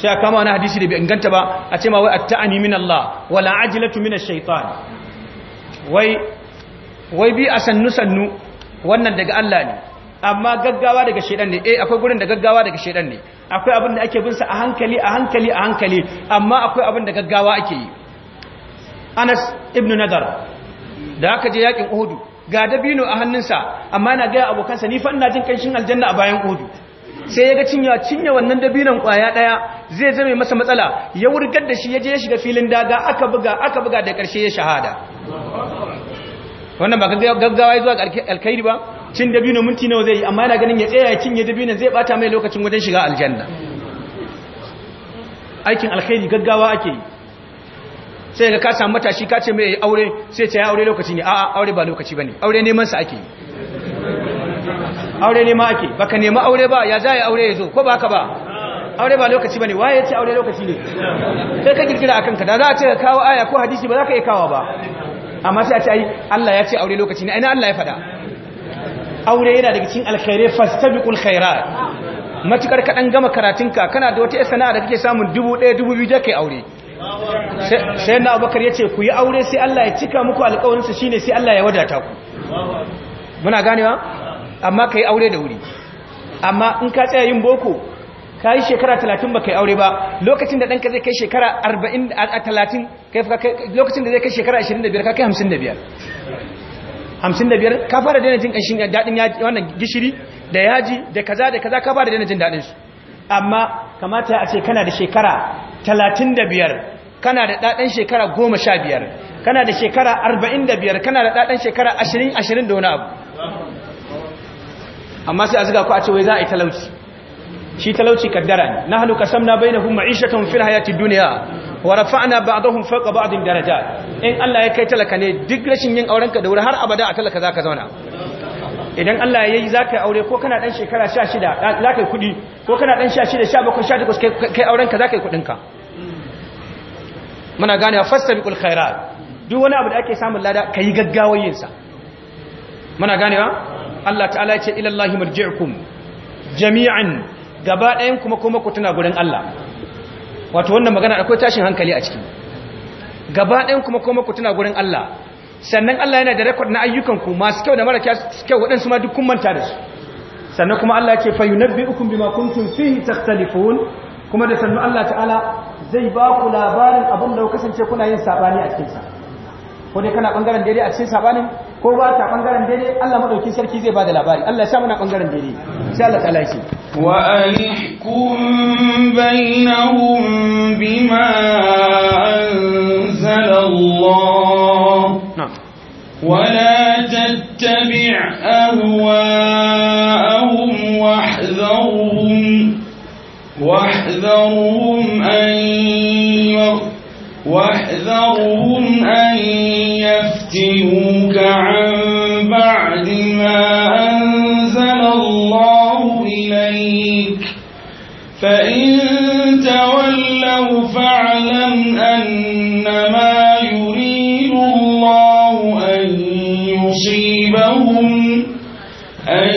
sai a kama wani hadisi da bai inganta ba a ce ma wai atta'ani min Allah wala ajilatu min ash-shaytan wai wai bi a sannu sannu wannan daga Allah ne amma gaggawa daga shedan ne eh akwai gurin da gaggawa daga shedan ne akwai abin da ake bin sa a hankali a hankali a hankali amma akwai abin da gaggawa ake yi Anas ibn Nadar da aka je yakin Uhud ga dabino a hannunsa amma yana gaya abokansa ni fa ina jin kanshin aljanna a bayan kudu sai ya ga cinyewa cinye wannan dabinon kwaya daya zai zame masa matsala ya wurgar da shi ya je ya shiga filin daga aka buga aka buga da karshe ya shahada wannan ba gaggawa zuwa alkhairi ba cin dabino minti nawa zai yi amma yana ganin ya tsaya ya cinye dabinon zai bata mai lokacin wajen shiga aljanna aikin alkhairi gaggawa ake yi sai ka samu matashi ka ce mai aure sai ce ya aure lokaci ne a'a aure ba lokaci bane aure neman sa ake aure nema ake baka nema aure ba ya za aure ya zo ko ba ka ba aure ba lokaci bane waye ya ce aure lokaci ne sai ka kirkira a ka da za a ce ka kawo aya ko hadisi ba za ka iya kawo ba amma sai a ce ai Allah ya ce aure lokaci ne ai na Allah ya faɗa aure yana daga cikin alkhairi fastabiqul khairat matukar ka dan gama karatunka kana da wata sana'a da kake samun dubu dubu 2000 da kai aure sai na abokar ya ce ku yi aure sai Allah ya cika muku alkawarinsa shine sai Allah ya wadata ku muna ganewa amma ka yi aure da wuri amma in ka tsaya yin boko ka yi shekara talatin ba ka yi aure ba lokacin da ɗanka zai kai shekara arba'in a talatin lokacin da zai kai shekara ashirin da biyar ka kai hamsin da biyar hamsin da biyar ka fara daina jin ƙanshin daɗin wannan gishiri da yaji da kaza da kaza ka fara daina jin daɗinsu amma kamata a ce kana da shekara talatin da biyar kana da ɗaɗan shekara goma sha biyar kana da shekara arba'in da biyar kana da ɗaɗan shekara ashirin ashirin da wani abu amma sai a ziga ku a ce wai za a yi talauci shi talauci kaddara ne na hannu kasam na bai na hun ta hunfin hayati duniya wa rafa'na ba a ba'din daraja in Allah ya kai talaka ne duk rashin yin aurenka da wuri har abada a talaka za ka zauna idan Allah ya yi za ka yi aure ko kana dan shekara sha shida za ka yi kudi ko kana dan bakwai sha takwas kai aurenka ka yi kuɗinka. muna gane wa fastabiqul khairat duk wani abu da ake samun lada kayi gaggawar yin sa muna ganewa Allah ta'ala ya ce ila Allah marji'ukum jami'an gaba ɗayan kuma kuma ku tana gurin Allah wato wannan magana akwai tashin hankali a ciki gaba ɗayan kuma kuma ku tana gurin Allah sannan Allah yana da rekod na ayyukan ku masu kyau da mara kyau waɗansu ma duk kun manta da su sannan kuma Allah ya ce fa yunabbi'ukum bima kuntum fihi takhtalifun kuma da sannu Allah ta'ala zai ba ku labarin abin da kasance kuna yin sabani a sa, ko dai kana bangaren daidai a cikin sabanin ko ba ta bangaren daidai Allah madaukin sarki zai ba da labari Allah ya sa muna bangaren daidai sai Allah ta'ala shi wa alihkum bainahum bima anzala Allah ولا تتبع أهواءهم واحذرهم واحذرهم أن أن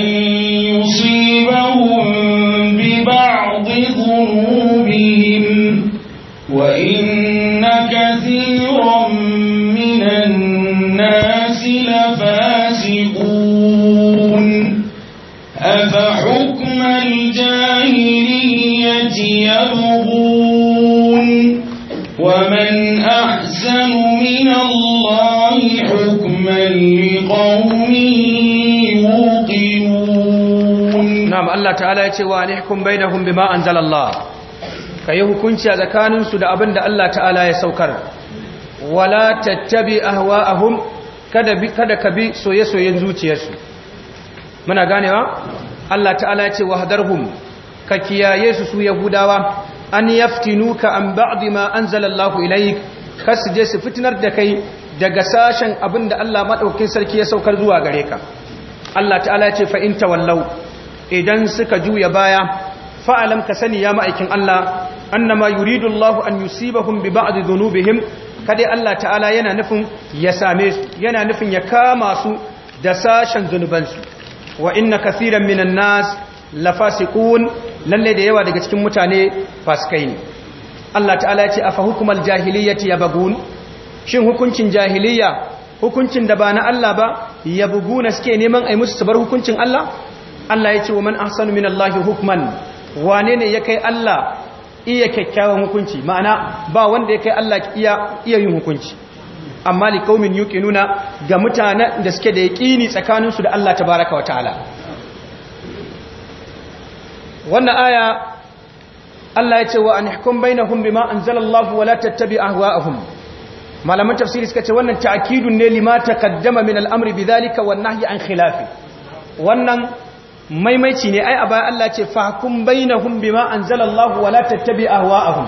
ta'ala ya ce wa alihkum bainahum bima ka yi hukunci a tsakanin su da abin da Allah ta'ala ya saukar wala tattabi ahwa'ahum kada kada ka bi soye-soyen zuciyarsu muna ganewa Allah ta'ala ya ce wahdarhum ka kiyaye su su yahudawa an nuka an ba'd ma anzalallahu ilayk kar su je fitinar da kai daga sashen abin da Allah maɗaukin sarki ya saukar zuwa gare ka Allah ta'ala ya ce fa tawallau idan suka juya baya fa'alam ka sani ya ma'aikin Allah annama yuridu Allah an yusibahum bi ba'd zunubihim kadai Allah ta'ala yana nufin ya same su yana nufin ya kama su da sashen zunubansu wa inna kaseeran minan nas lafasiqun lalle da yawa daga cikin mutane fasikai ne Allah ta'ala ya ce a hukumal jahiliyyati yabagun shin hukuncin jahiliyya hukuncin da ba na Allah ba ya na suke neman ai musu su bar hukuncin Allah Allah ya ce wa man ahsanu min Allahi hukman wane ne ya kai Allah iya kyakkyawan hukunci ma'ana ba wanda ya kai Allah iya iya yin hukunci amma li qaumin yuqinuna ga mutanen da suke da yaqini tsakanin su da Allah tabaaraka ta'ala. wannan aya Allah ya ce wa an hukum bainahum bima anzalallahu wa la tattabi ahwaahum malaman tafsiri suka ce wannan ta'kidun ne lima taqaddama min al-amri bidhalika wan nahyi an khilafi wannan maimaici ne ai a baya Allah ce fahkum bainahum bima anzalallahu wala tattabi ahwa'ahum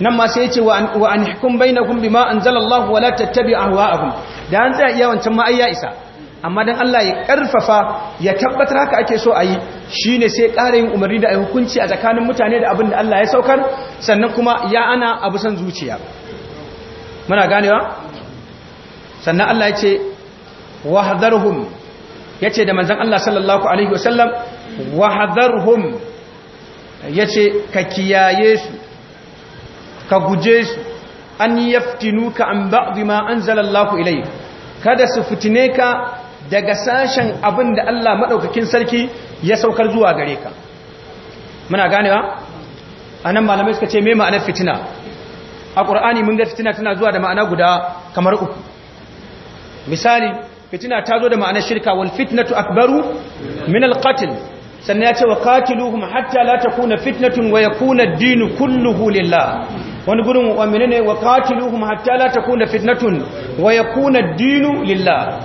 nan ma sai yace wa an hukum bainakum bima anzalallahu wala tattabi ahwa'ahum da an tsaya iyawancin ma ayya isa amma dan Allah ya karfafa ya tabbatar haka ake so ayi shine sai ƙara yin umarni da ai hukunci a tsakanin mutane da abin da Allah ya saukar sannan kuma ya ana abu san zuciya muna ganewa sannan Allah ya ce wahdarhum yace da manzan Allah sallallahu alaihi wasallam ya yace ka kiyaye su ka guje su an ka an ba'd ma an zalallahu ilai kada su fitine ka daga sashen abin da Allah maɗaukakin sarki ya saukar zuwa gare ka muna ganewa nan malamai suka ce me ma'anar fitina a ƙur'ani mun ga fitina tana zuwa da ma'ana guda kamar uku misali fitina ta zo da ma'anar shirka wal fitnatu akbaru min al sannan ya ce wa qatiluhum hatta la takuna fitnatun wa yakuna ad-din kulluhu lillah wani gurin wa menene wa qatiluhum hatta la takuna fitnatun wa yakuna ad-din lillah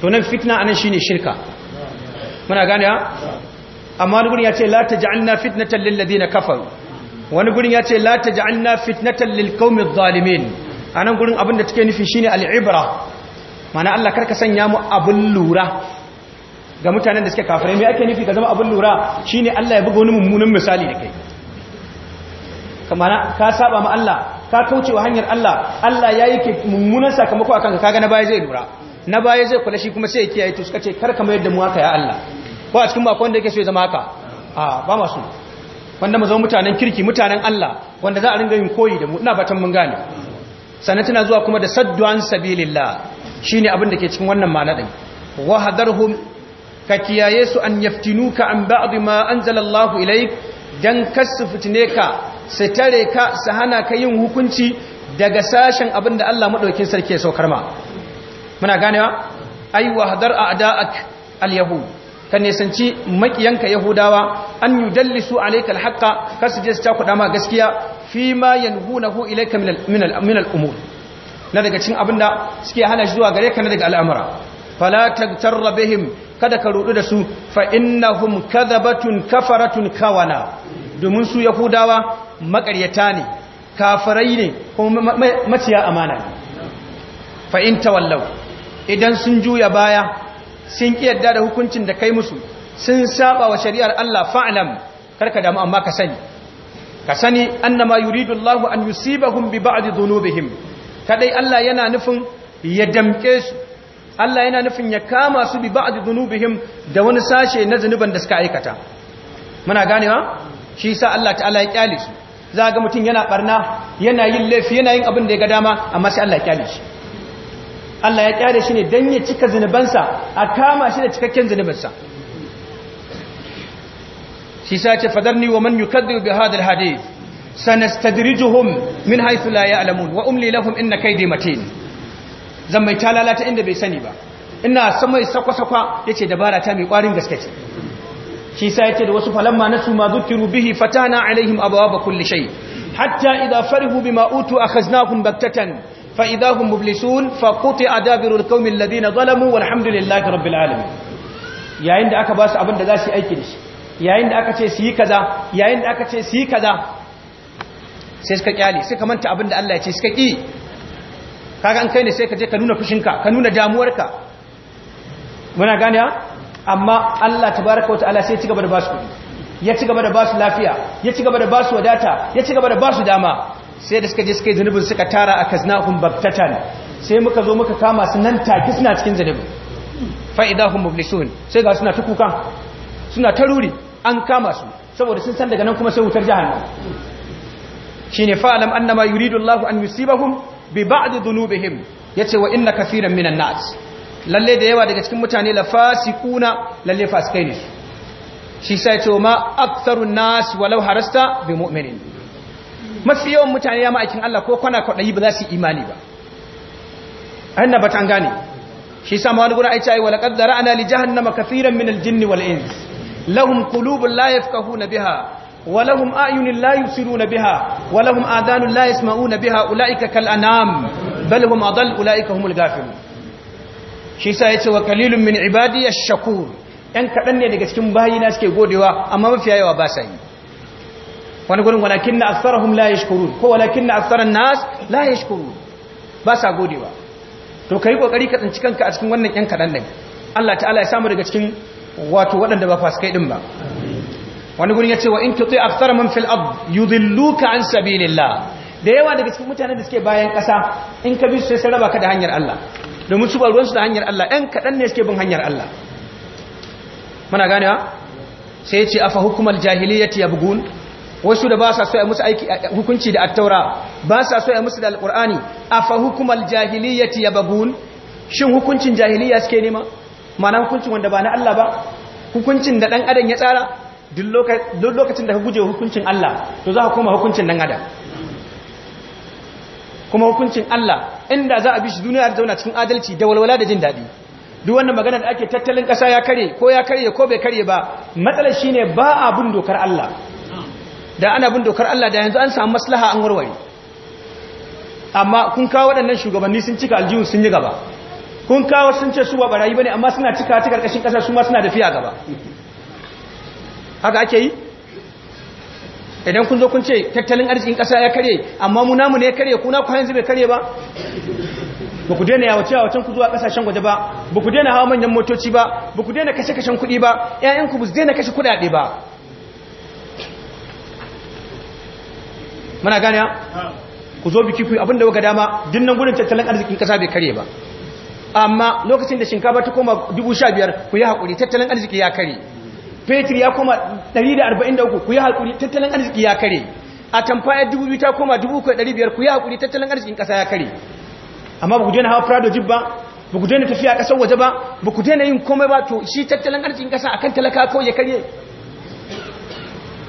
to nan fitna anan shine shirka muna gane ha amma wani gurin ya ce la taj'alna fitnatan lil ladina kafaru wani gurin ya ce la taj'alna fitnatan lil qaumi adh-dhalimin anan gurin abinda take nufi shine al-ibra mana Allah karka sanya mu abin lura ga mutanen da suke kafirai mai ake nufi ka zama abin lura shi ne Allah ya buga wani mummunan misali da kai kamar ka saba ma Allah ka kauce wa hanyar Allah Allah ya ke mummunan sakamako akan ka kaga na baya zai lura na baya zai kula shi kuma sai ya kiyaye to suka ce karka mayar da mu haka ya Allah ko a cikin bakon da yake so ya zama haka a ba masu wanda mu zama mutanen kirki mutanen Allah wanda za a ringa yin koyi da mu ina fatan mun gane sannan tana zuwa kuma da saddu'an sabilillah shine abin da ke cikin wannan ma'ana din wahdarhum ka kiyaye su an ka an ba'd ma anzalallahu ilayk dan kasu fitine ka su tare ka su hana ka yin hukunci daga sashen abin da Allah madaukin sarki ya saukar ma muna ganewa ai a a'da'ak al-yahud ka nisanci makiyanka yahudawa an yi alayka al-haqqa kasu je su ta ma gaskiya fi ma yanhunahu ilaika min al-umur na daga cin abin da suke hana shi zuwa gare ka na daga al'amura fala tagtarra kada ka rudu da su fa innahum kadhabatun kafaratun kawana domin su yahudawa makaryata ne Kafarai ne kuma maciya amana fa'inta wallau idan sun juya baya sun ki yadda da hukuncin da kai musu sun saba wa shari'ar Allah fa'lam karka damu amma ka sani ka sani annama yuridu Allahu an yusibahum bi ba'd dhunubihim kadai Allah yana nufin ya damke su Allah yana nufin ya kama su bi ba'd dhunubihim da wani sashe na zanuban da suka aikata muna ganewa shi yasa Allah ta'ala ya kyale su za ga mutum yana barna yana yin laifi yana yin abin da ya ga dama amma sai Allah ya kyale shi Allah ya kyale shi ne dan ya cika zunubansa a kama shi da cikakken zunubansa shi sa ce fadarni wa man yukaddibu bi hadal hadith sanastadrijuhum min haythu la ya'lamun wa umli lahum inna kaydi matin zan mai talala ta inda bai sani ba ina san mai sakwa-sakwa yace dabara ta mai kwarin gaske ce shi sa yace da wasu falamma su ma zukiru bihi fatana alaihim abwaaba kulli shay hatta idha farihu bima utu akhaznahum baktatan fa idha hum mublisun fa quti'a dabiru alqawmi alladhina zalamu walhamdulillahi rabbil alamin yayin da aka ba su abin da za su yi aiki da shi yayin da aka ce su yi kaza yayin da aka ce su yi kaza sai suka kyale sai ka manta abin da Allah ya ce suka ƙi kaga an kai ne sai ka je ka nuna fushinka ka nuna damuwarka muna gane amma Allah tabaraka wa ta'ala sai ya ci gaba da basu su ya ci gaba da basu lafiya ya ci gaba da basu wadata ya ci gaba da basu dama sai da suka je suka yi zunubin suka tara a kaznahum babtatan sai muka zo muka kama su nan take suna cikin zunubin fa mublisun sai ga suna ta kuka suna ta ruri an kama su saboda sun san daga nan kuma sai wutar jahannam shine fa'alam annama yuri Allahu an musibahun bi ba'd dhunubihim yace wa inna kafiran minan na'as. lalle da yawa daga cikin mutane la fasiquna lalle fasikai ne shi sai ce ma aktharun nas walau harasta bi mu'minin mafi yawan mutane ya ma'aikin Allah ko kwana kwaɗayi ba za su imani ba annaba tan gane shi sa ma wani gurin aice ai wala qad li jahannama kafiran minal jinni wal lahun lahum qulubun la yafqahuna biha ولهم أعين لا يبصرون بها ولهم آذان لا يسمعون بها أولئك كالأنام بل هم أضل أولئك هم الغافلون shi sa yace wa kalilun min ibadiy ash-shakur ɗan kaɗan ne daga cikin bayina suke godewa amma mafi yawa ba sa yi wani gurin walakinna aktharuhum la yashkurun ko walakinna aktharun nas la yashkurun ba sa godewa to kai kokari ka tsinci kanka a cikin wannan yan kadan ne Allah ta'ala ya samu daga cikin wato waɗanda ba fasikai din ba wani gurin ya ce wa in a aktsara man fil ard yudilluka an lilla da yawa daga cikin mutanen da suke bayan kasa in ka bi su sai sun raba ka da hanyar Allah domin su balwan su da hanyar Allah ɗan kaɗan ne suke bin hanyar Allah muna ganewa sai ya ce fa hukumar jahiliyyati ya bugun wasu da ba sa so ya musu aiki hukunci da attaura ba sa so ya musu da a fa hukumar jahiliyyati ya bugun shin hukuncin jahiliya suke nema ma'ana hukuncin wanda ba na Allah ba hukuncin da ɗan adam ya tsara duk lokacin da ka guje hukuncin Allah to za ka koma hukuncin nan adam kuma hukuncin Allah inda za a bi shi duniya da zauna cikin adalci da walwala da jin daɗi duk wannan magana da ake tattalin ƙasa ya kare ko ya karye ko bai karye ba matsalar shine ba a bin dokar Allah da ana bin dokar Allah da yanzu an samu maslaha an warware amma kun kawo waɗannan shugabanni sun cika aljihun sun yi gaba kun kawo sun ce su ba barayi ne amma suna cika ta karkashin ƙasa su ma suna tafiya gaba haka ake yi idan kun zo kun ce tattalin arzikin ƙasa ya karye amma mu namu ne ya karye kuna ku hanzu bai karye ba ba ku daina yawace a wacan ku zuwa ƙasashen waje ba ba ku daina hawa manyan motoci ba ba ku daina kashe-kashen kuɗi ba ƴaƴanku ba su daina kashe kuɗaɗe ba muna gane ku zo biki ku abinda waga dama dinnan gudun tattalin arzikin ƙasa bai karye ba amma lokacin da shinkafa ta koma dubu sha biyar ku yi haƙuri tattalin arziki ya karye fetur ya koma 143 ku yi haƙuri tattalin arziki ya kare a tamfayar 2000 ta koma biyar ku yi haƙuri tattalin arzikin ƙasa ya kare amma ba ku daina hawa prado jib ba ba ku daina tafiya ƙasar waje ba ba ku daina yin komai ba to shi tattalin arzikin a kan talaka kawai ya karye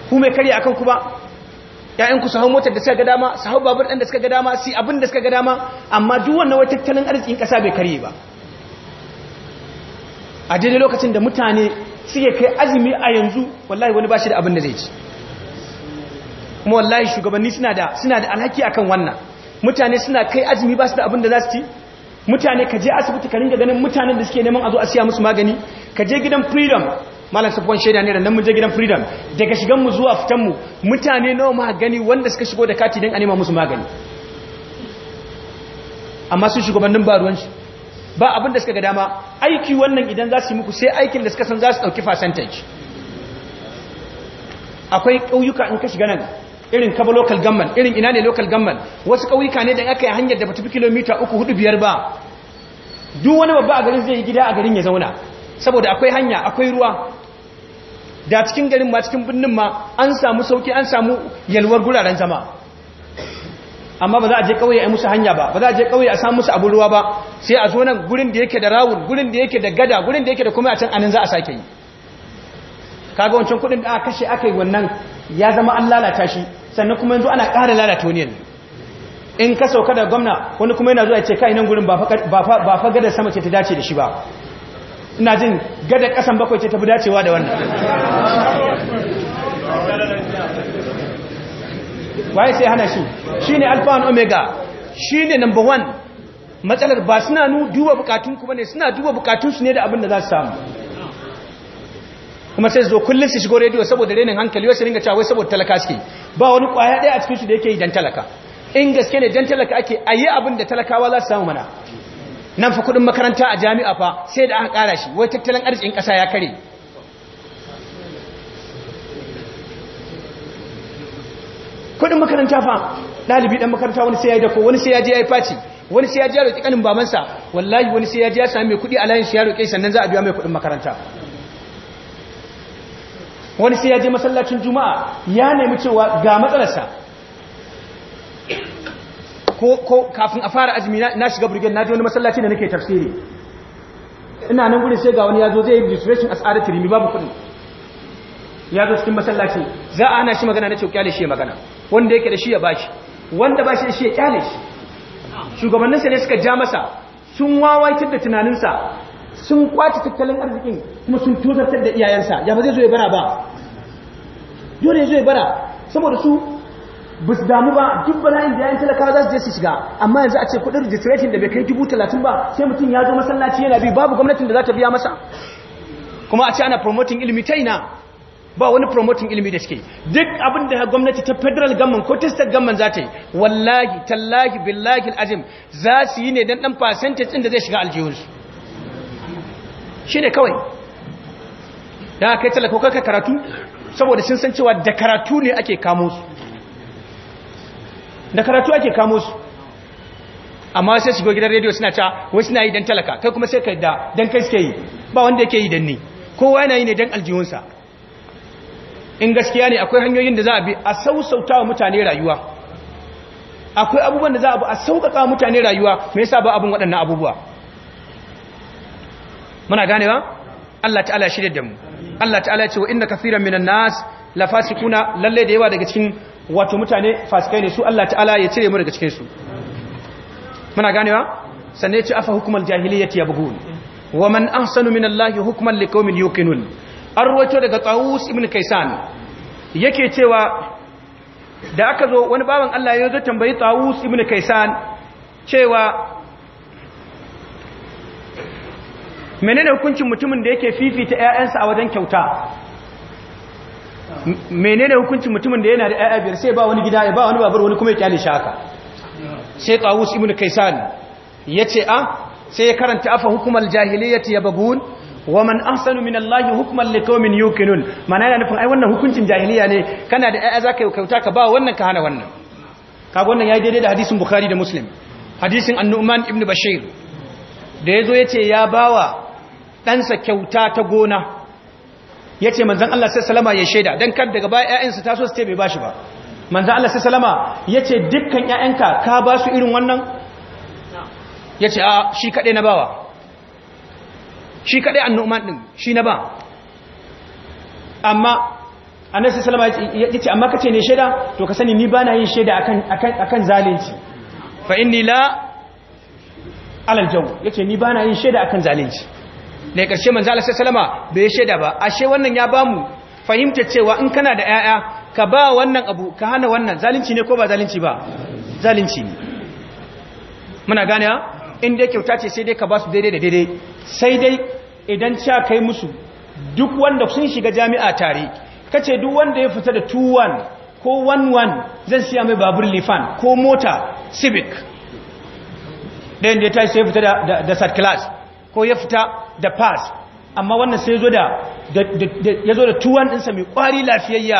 ku mai karye kan ku ba ya'yan su hau motar da suka ga dama su hau babur ɗan da suka ga dama su abin da suka ga dama amma duk wannan wai tattalin arzikin ƙasa bai karye ba a daidai lokacin da mutane suke kai azumi a yanzu wallahi wani bashi da abin da zai ci kuma wallahi shugabanni suna da suna da alhaki akan wannan mutane suna kai azumi ba da abin da za su ci mutane ka je asibiti ka ringa ganin mutanen da suke neman a zo a siya musu magani ka je gidan freedom malam safuwan shaida ne nan mun je gidan freedom daga shigan mu zuwa fitan mu mutane nawa ma gani wanda suka shigo da kati don a nema musu magani amma su shugabannin ba ruwan shi ba abin da suka ga dama aiki wannan idan za su yi muku sai aikin da suka san za su ɗauki percentage akwai ƙauyuka in ka shiga nan irin kaba local government irin ina ne local government wasu ƙauyuka ne da aka yi hanyar da bata fi kilomita uku hudu biyar ba duk wani babba a garin zai yi gida a garin ya zauna saboda akwai hanya akwai ruwa da cikin garin ma cikin birnin ma an samu sauki an samu yalwar guraren zama amma ba za a je kauye a musu hanya ba ba za a je kauye a samu musu abun ruwa ba sai a zo nan gurin da yake da rawun gurin da yake da gada gurin da yake da kuma a can anan za a sake yi kaga wancan kudin da aka kashe aka yi wannan ya zama an lalata shi sannan kuma yanzu ana ƙara lalata wani yanzu in ka sauka da gwamna wani kuma yana zuwa ce kai nan gurin ba fa gada sama ce ta dace da shi ba ina jin gada kasan bakwai ce ta fi dacewa da wannan waye sai hana shi shine alpha and omega shine number 1 matsalar ba suna duba bukatun ku bane suna duba bukatun su ne da abin da za su samu kuma sai zo kullun su shigo radio saboda renin hankali wasu ringa cewa wai saboda talaka suke ba wani kwaya daya a cikin su da yake yi dan talaka in gaske ne dan talaka ake ayi abin da talakawa za su samu mana nan fa kudin makaranta a jami'a fa sai da aka kara shi wai tattalin arzikin kasa ya kare kudin makaranta fa dalibi dan makaranta wani sai ya dako wani sai ya je faci wani sai ya je ya kanin baban babansa wallahi wani sai ya je ya sami mai kuɗi a layin shi ya roƙe sannan za a biya mai kuɗin makaranta wani sai ya je masallacin juma'a ya nemi cewa ga matsalarsa ko kafin a fara azumi na shiga burgen na je wani masallaci da nake tafsiri ina nan gudun sai ga wani ya zo zai yi registration as adatiri mi babu kuɗi ya zo cikin masallaci za a hana shi magana na ce kyale shi magana wanda yake da shi ya bashi wanda bashi da shi ya kyale shi shugabanninsa ne suka ja masa sun wawaitar da tunaninsa sun kwace tattalin arzikin kuma sun tozartar da iyayensa ya ba zai zo ya bara ba dole ya zo ya bara saboda su ba damu ba duk bala'in da yayin talakawa za su je su shiga amma yanzu a ce kudin registration da bai kai dubu talatin ba sai mutum ya zo masallaci yana bi babu gwamnatin da za ta biya masa kuma a ce ana promoting ilimi ta ina ba wani promoting ilimi da suke duk abin da gwamnati ta federal gamman ko tistar gamman za ta yi wallahi tallahi billahi alazim za su yi ne don ɗan percentage ɗin da zai shiga su. shi ne kawai da aka yi talaka ka karatu saboda sun san cewa da karatu ne ake kamo su da karatu ake kamo su amma sai shigo gidan rediyo suna ca wai suna yi don talaka kai kuma sai ka da don kai suke yi ba wanda yake yi don ne kowa yana yi ne don aljihunsa in gaskiya ne akwai hanyoyin da za a bi a sausauta wa mutane rayuwa akwai abubuwan da za a bi a sauƙaƙa mutane rayuwa me yasa ba abin waɗannan abubuwa muna gane ba Allah ta'ala shirya da mu Allah ta'ala ce wa inna kaseeran minan nas la fasikuna lalle da yawa daga cikin wato mutane fasikai ne su Allah ta'ala ya cire mu daga cikin su muna ganewa sannan ya ce afa hukumar jahiliyyati yabghun wa man ahsanu minallahi hukman liqaumin yuqinun an ruwato daga tsawus ibn kaisan yake cewa da aka zo wani baban Allah ya zo tambayi tsawus ibn kaisan cewa menene hukuncin mutumin da yake fifita ƴaƴansa a wajen kyauta menene hukuncin mutumin da yana da ƴaƴa biyar sai ba wani gida ya ba wani babar wani kuma ya kyale shi haka sai tsawus ibn kaisan yace a ah, sai ya karanta afa hukumar jahiliyyati ya bagun Waman man ahsanu min Allah hukman liqaumin yuqinun mana yana nufin ai wannan hukuncin jahiliya ne kana da ai zaka kauta ka ba wannan ka hana wannan kaga wannan yayi daidai da hadisin bukhari da muslim hadisin annu'man ibn bashir da yazo yace ya bawa ɗansa kyauta ta gona yace manzon Allah alaihi ya shaida dan kar daga baya ƴaƴansa taso su ce bai bashi ba manzon Allah alaihi salama yace dukkan ƴaƴanka ka ba su irin wannan yace a shi kade na bawa shi kaɗai annoman ɗin shi na ba amma salama ya ce amma kace ne shaida to ka sani ni bana yin shaida akan akan akan zalunci fa inni la alal ya ce ni bana yin sheda akan zalunci ne karshe manzo salama da bai shaida ba ashe wannan ya bamu fahimta cewa in kana da yaya ka ba wannan abu ka hana wannan zalunci ne ko ba zalunci ba zalunci ne muna gane in inda kyauta ce sai dai ka ba su daidai da daidai sai dai idan ca kai musu duk wanda sun shiga jami'a tare kace duk wanda ya fita da 21 ko 11 zan siya mai babur lifan ko mota civic ɗayan da ya tashi sai fita da third class ko ya fita da pass amma wannan sai zo da ya zo da tuwon ɗinsa mai ƙwari lafiyayya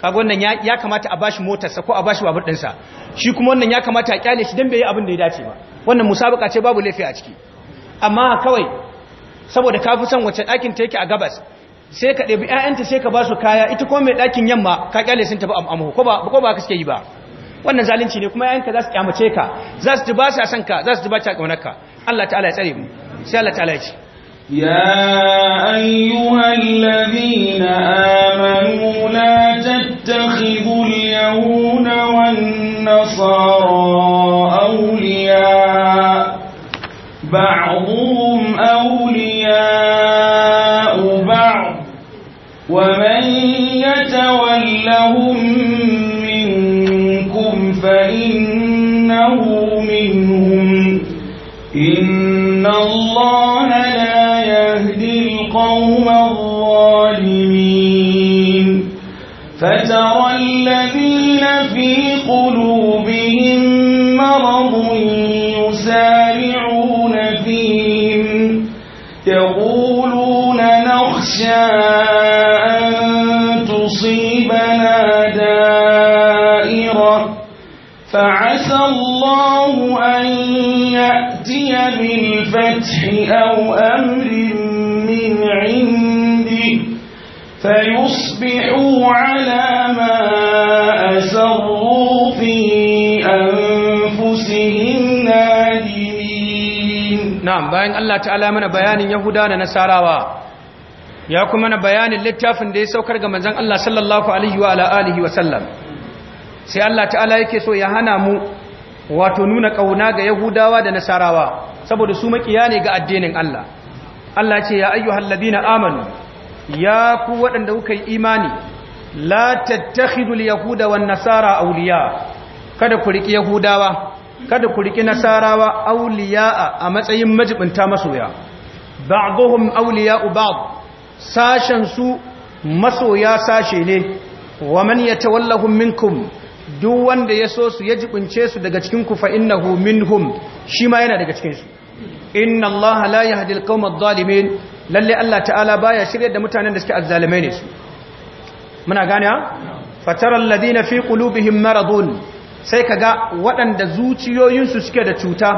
kaga wannan ya kamata a bashi motarsa ko a bashi babur ɗinsa shi kuma wannan ya kamata a kyale shi don bai yi abin da ya dace ba wannan musabaka ce babu laifi a ciki amma kawai saboda ka fi son wacce ɗakin ta yake a gabas sai ka ɗabi ‘ya'yanta sai ka ba su kaya ita kuma mai ɗakin yamma ka ƙyale sun tafi amma ko ba ka suke yi ba wannan zalunci ne kuma ‘ya'yanka za su ƙyamace ka za su ji ba sa son ka za su ji ba ta ƙaunarka ka Allah ta'ala ya tsare mu sai Allah ta'ala ya ce يا الذين لا تتخذوا اليهود والنصارى بعضهم أولياء بعض ومن يتولهم منكم فإنه منهم إن الله لا يهدي القوم الظالمين فترى الذين في قلوبهم بالفتح أو أمر من عندي فيصبحوا على ما أسروا في أنفسهم نادمين نعم باين الله تعالى من بيان يهودا نساراوا ya kuma na bayanin littafin da ya saukar ga manzan Allah sallallahu alaihi wa alihi wa sallam sai Allah ta'ala yake so ya hana mu wato nuna ƙauna ga yahudawa da nasarawa saboda su makiya ne ga addinin Allah Allah ce ya ayyu ladina amanu ya ku waɗanda kuka yi imani la tattakhidul yahuda wan nasara awliya kada ku riki yahudawa kada ku riki nasarawa awliya a matsayin majibinta masoya ba'dhum awliya ba'd sashen su masoya sashe ne wa man yatawallahum minkum duk wanda ya so su ya su daga cikin ku fa innahu minhum shi ma yana daga cikin su inna allaha la yahdi alqawma adh-dhalimin lalle Allah ta'ala baya shirye da mutanen da suke azzalimai ne su muna gane ha fataral ladina fi qulubihim maradun sai kaga waɗanda zuciyoyinsu suke da cuta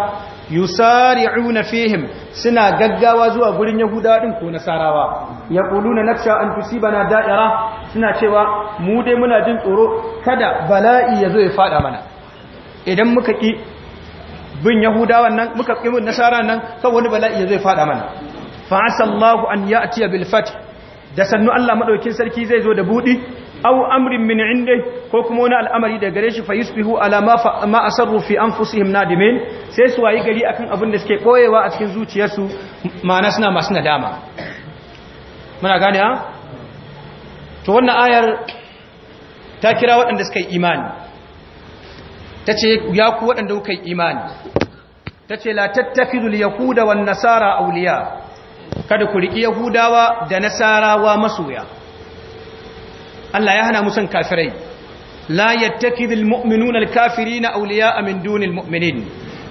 yusari'una fihim suna gaggawa zuwa gurin yahuda din ko nasarawa na nafsha an tusibana da'ira suna cewa mu dai muna jin tsoro kada bala'i ya zo ya faɗa mana idan muka ƙi. bin yahudawan nan muka kimin nasara nan kan wani bala'i zai fada mana fa asallahu an a bil fath da sannu Allah madaukin sarki zai zo da budi aw amrin min inde ko kuma wani al'amari da gare shi fa yusbihu ala ma ma asarru fi anfusihim nadimin sai su wayi gari akan abin da suke koyewa a cikin zuciyarsu ma'ana suna masu nadama muna gane ha to wannan ayar ta kira waɗanda suka yi imani ta ce ya ku waɗanda kuka yi imani ta ce la tattafidul yahuda wan nasara auliya kada ku riƙi yahudawa da nasarawa masoya Allah ya hana musan kafirai la yattakidul mu'minuna na kafirina a min dunin mu'minin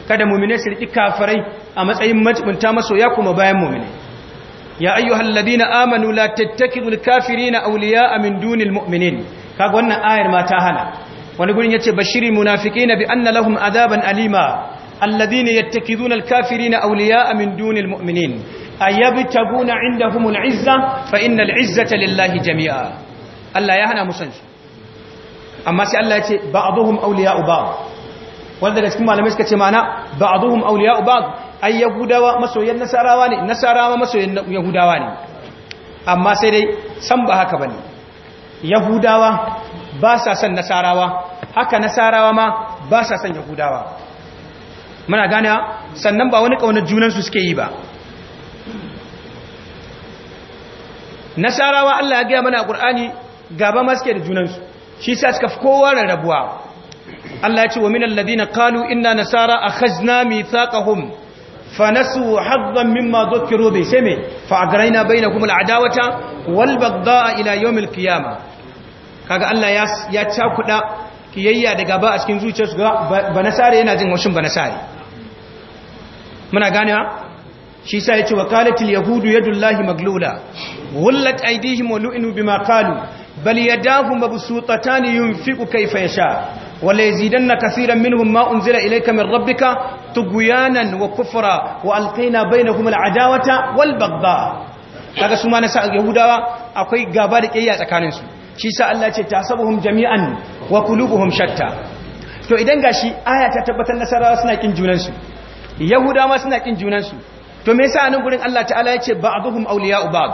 kada mu'mine su riƙi kafirai a matsayin majibunta masoya kuma bayan mu'mine ya ayyuhal na amanu la kafiri na kafirina a min dunil mu'minin kaga wannan ayar ma ta hana wani gurin yace bashiri munafiqina bi anna lahum adaban alima ne ya take alladhina yattakizuna alkafirina a min dunil mu'minin inda humun izza fa innal ta lillahi jami'a Allah ya hana musan su amma sai Allah ya ce ba yace ba'dhum awliya'u ba'd wanda daga cikin malamai suka ce mana ba'dhum awliya'u ba'd ay yahudawa masoyan nasarawa ne nasarawa masoyan yahudawa ne amma sai dai san ba haka bane yahudawa ba sa son nasarawa haka nasarawa ma ba sa son yahudawa muna gane sannan ba wani ƙaunar junansu suke yi ba nasarawa Allah ya gaya mana a ƙur'ani gaba ma suke da junansu shi sa suka fi kowa rarrabuwa Allah ya ce wa minan ladina kalu inna nasara a khazna mithaqahum fa nasu haddan mimma dhukiru bi sai me fa na bainakum al'adawata wal baghdha ila a al-qiyamah kaga Allah ya ya cakuda kiyayya da gaba a cikin zuciyarsu ga banasare yana jin haushin banasare muna gane. shi sa yace wa qalatil yahudu yadullahi maglula wullat aydihim wa lu'inu bima qalu bal yadahu mabsutatan yunfiqu kayfa yasha وليزيدن كثيرا منهم min أنزل إليك من ربك تقيانا وكفرا وألقينا بينهم العداوة والبغضاء kaga su ma na sa yahudawa akwai gaba da kiyaya tsakaninsu shi sa Allah ce tasabuhum jami'an wa qulubuhum shatta to idan gashi aya ta tabbatar nasarawa suna kin junansu yahuda ma suna kin junansu to me yasa anan gurin Allah ta'ala ya yace ba'dhum awliya'u ba'd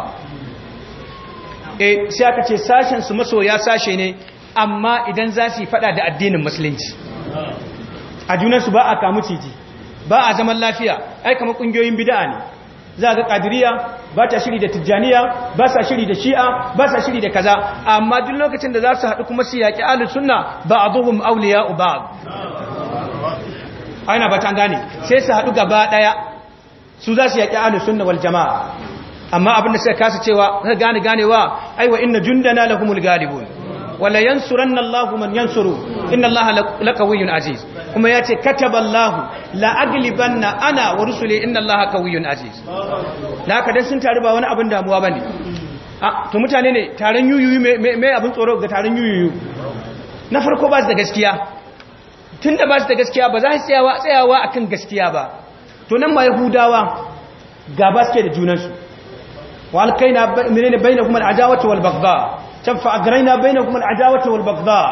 eh sai aka ce sashen su masoya sashe ne amma idan za su yi fada da addinin musulunci a junansu ba a kamu ciji ba a zaman lafiya ai kamar ƙungiyoyin bid'a ne za ga kadiriya ba ta shiri da tijjaniya ba sa shiri da shi'a ba sa shiri da kaza amma duk lokacin da za su haɗu kuma su yaƙi a sunna ba'dhum awliya'u ba'd aina ba ta gane sai su haɗu gaba ɗaya su za su yaƙi ahlus sunna wal jama'a amma abin da suka kasa cewa ka gane ganewa aiwa inna jundana lahumul ghalibun wala yansuranna Allahu man yansuru inna Allaha lakawiyyun aziz kuma yace kataballahu la aglibanna ana wa rusuli inna Allaha kawiyyun aziz da haka dan sun tare ba wani abin damuwa bane to mutane ne taron yuyuyu me abin tsoro ga taron yuyuyu na farko ba su da gaskiya tun da ba su da gaskiya ba za su tsayawa tsayawa akan gaskiya ba to nan ma yahudawa ga ba suke da junansu wa alkaina menene bainakum al-adawati wal baghdha can fa na kuma al'adawata wal baghdha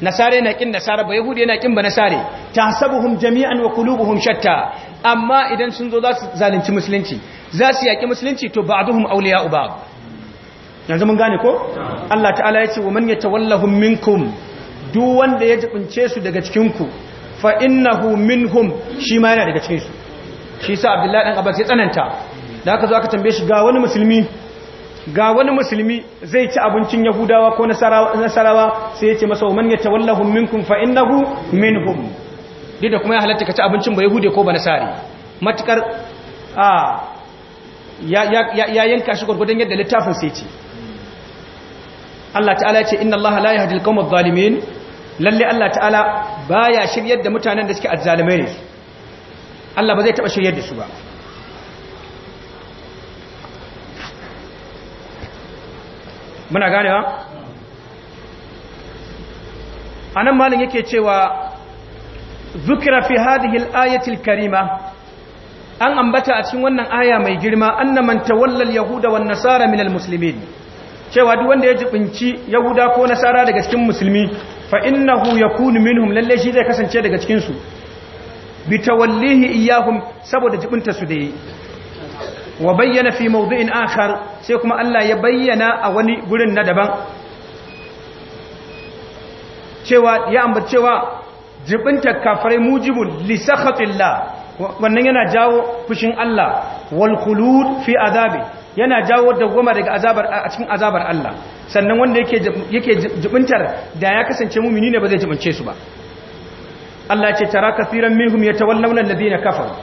nasare na kin nasara ba yahudi yana kin ba nasare tahsabuhum jami'an wa qulubuhum shatta amma idan sun zo za su zalunci musulunci za su yaki musulunci to ba ba'duhum awliya'u uba. yanzu mun gane ko Allah ta'ala ya ce wa man yatawallahum minkum duk wanda ya jibince su daga cikin ku fa innahu minhum shi ma yana daga cikinsu. shi sa abdullahi dan abbas ya tsananta da aka zo aka tambaye shi ga wani musulmi ga wani musulmi zai ci abincin yahudawa ko nasarawa sai ya ce masa man ya tawallahu minkum fa innahu minhum duk da kuma ya halatta ka ci abincin ba yahude ko ba nasari matukar ya yanka shi gurgudan yadda littafin sai ce Allah ta'ala ce inna Allah la yahdi al-qawma lalle Allah ta'ala baya shiryar da mutanen da suke azzalimai ne Allah ba zai taba shiryar da su ba muna ganewa anan malin yake cewa zukira fi hadhihi al karima an ambata a cikin wannan aya mai girma annaman namanta al-yahuda wan nasara min al-muslimin cewa duk wanda ya jibinci yahuda ko nasara daga cikin musulmi fa innahu yakunu minhum lalle shi zai kasance daga cikin su bi tawallihi iyyahum saboda jibinta su da yi wa bayyana fi mawdu'in akhar sai kuma Allah ya bayyana a wani gurin na daban cewa ya ambaci cewa jibinta kafirai mujibul li sakhatillah wannan yana jawo fushin Allah wal khulud fi azabi yana jawo dagwama daga azabar a cikin azabar Allah sannan wanda yake yake jibintar da ya kasance mumini ne ba zai jibince su ba Allah ce tara kafiran minhum yatawallawna alladhina kafaru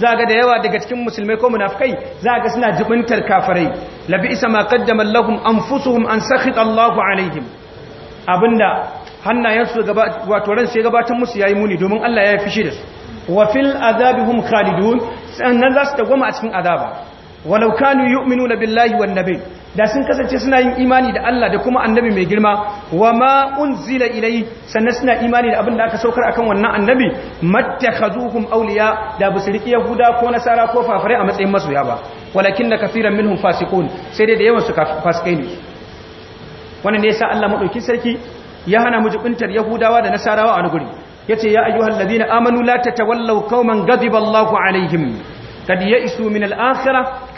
za ga da yawa daga cikin musulmai ko munafikai za ga suna jibintar kafirai labi isa ma qaddama lahum anfusuhum an sakhita Allahu alaihim abinda hannayensu gaba wato ran sai gabatar musu yayi muni domin Allah ya fishi da su wa fil azabihum khalidun sannan za su dagwama a cikin azaba walau kanu yu'minuna billahi wan nabiy da sun kasance suna yin imani da Allah da kuma annabi mai girma wa ma unzila ilai sannan suna imani da abin da aka saukar akan wannan annabi mattakhazuhum awliya da busriki yahuda ko nasara ko fafare a matsayin masoya ba walakinna kaseeran minhum fasiqun sai dai da yawan su fasikai ne wannan ne yasa Allah madaukin sarki ya hana mujubintar yahudawa da nasarawa a wani guri yace ya ayyuhallazina amanu la tatawallaw qauman ghadiba Allahu alaihim kad ya'isu min al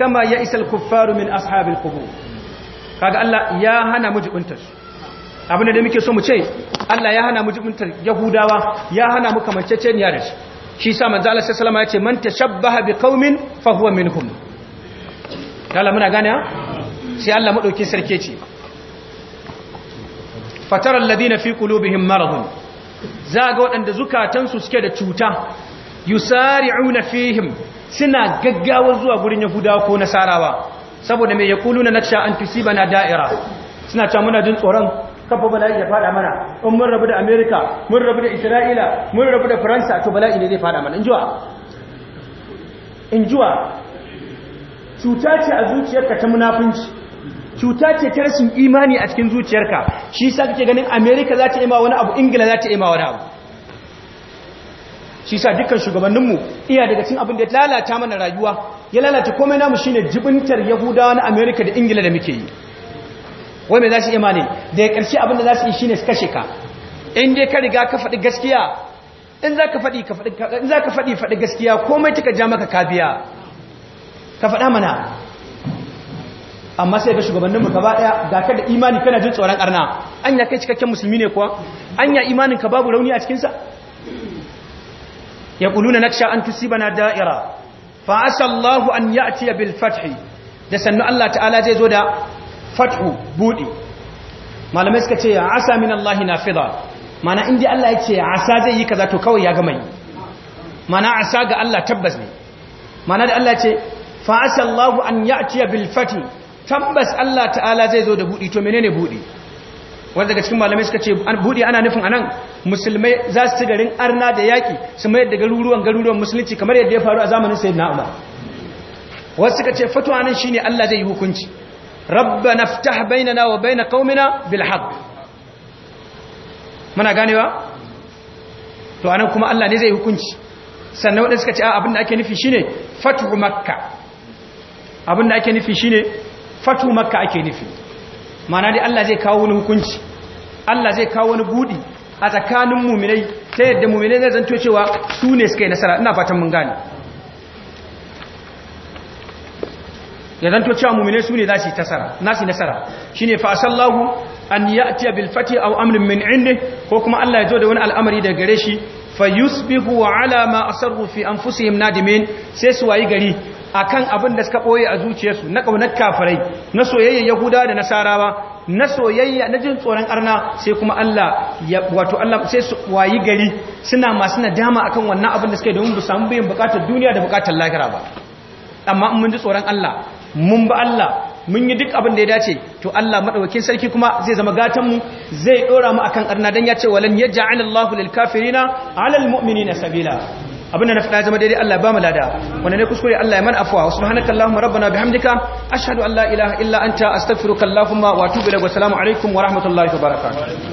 kama ya al-kuffaru min ashabil qubur kaga Allah ya hana mu jibuntar abin da muke so mu ce Allah ya hana mu jibuntar yahudawa ya hana mu kamanceceniya da shi shi sa manzo Allah sallallahu salama ya ce man tashabbaha biqaumin fa huwa minhum dala muna gane sai Allah madaukin sarki ce fatara alladhina fi qulubihim maradun zaga wadanda zukatansu suke da cuta yusari'una fihim suna gaggawa zuwa gurin yahudawa ko nasarawa saboda mai na nasha an na da'ira suna ta muna jin tsoron kafa bala'i ya fada mana in mun rabu da Amerika mun rabu da isra'ila mun rabu da faransa to bala'i ne zai fada mana in jiwa in jiwa cuta ce a zuciyarka ta munafunci cuta ce ta rashin imani a cikin zuciyarka shi sa kake ganin Amerika za ta ima wani abu ingila za ta ima wani abu shi sa dukkan shugabanninmu iya daga cin abin da ya lalata mana rayuwa ya lalata komai namu shine jibintar yahudawa na amerika da ingila da muke yi wai mai za su imani da ya ƙarshe abin da za su yi shine su kashe ka in dai ka riga ka faɗi gaskiya in za ka faɗi faɗi faɗi gaskiya komai ta ka ja maka kabiya ka faɗa mana amma sai ga shugabanninmu gaba daya ga ka da imani kana jin tsoron arna anya kai cikakken musulmi ne kuwa anya imanin ka babu rauni a cikinsa yaquluna naksha an tusibana da'ira fa asallahu an ya'ti bil fathi da sannu Allah ta'ala zai zo da fathu budi malamai suka ce ya asa min Allah nafida mana indi Allah ya ce asa zai yi kaza to kawai ya gama yi mana asa ga Allah tabbas ne mana da Allah ya ce fa asallahu an ya'ti bil fathi tabbas Allah ta'ala zai zo da budi to menene budi wanda daga cikin malamai suka ce an buɗe ana nufin anan musulmai za su ci garin arna da yaƙi su mayar da garuruwan garuruwan musulunci kamar yadda ya faru a zamanin sayyidina umar wasu suka ce fatuwa nan shine Allah zai yi hukunci rabbana ftah bainana wa bain qaumina bil haqq muna ganewa to anan kuma Allah ne zai hukunci sannan wadanda suka ce abinda ake nufi shine fatu makka abinda ake nufi shine fatu makka ake nufi mana da Allah zai kawo wani hukunci Allah zai kawo wani budi a tsakanin muminai ta yadda muminai zai zanto cewa su ne suka yi nasara ina fatan mun gane ya zanto cewa muminai su ne za su yi nasara shi ne fa'asallahu an yi atiya bilfati a amurin min indi ko kuma Allah ya zo da wani al'amari da gare shi fa yusbihu wa alama sarrufi an fusi him nadimin sai su wayi gari akan abin da suka ɓoye a zuciyarsu na ƙaunar kafirai na soyayyen yahuda da nasarawa na soyayya na jin tsoron arna sai kuma Allah wato Allah sai su wayi gari suna masu nadama akan wannan abin da suka yi domin bu samu biyan bukatar duniya da bukatar lahira ba amma mun ji tsoron Allah mun ba Allah mun yi duk abin da ya dace to Allah madaukakin sarki kuma zai zama gatan mu zai dora mu akan arna dan ya ce walan yaj'alallahu lil alal mu'minina sabila abinda na faɗa zama daidai Allah ba mu lada wanda ne kuskure Allah ya man afwa subhanaka allahumma rabbana bihamdika ashhadu an la ilaha illa anta astaghfiruka allahumma wa atubu ilaik wa assalamu alaikum wa rahmatullahi wa barakatuh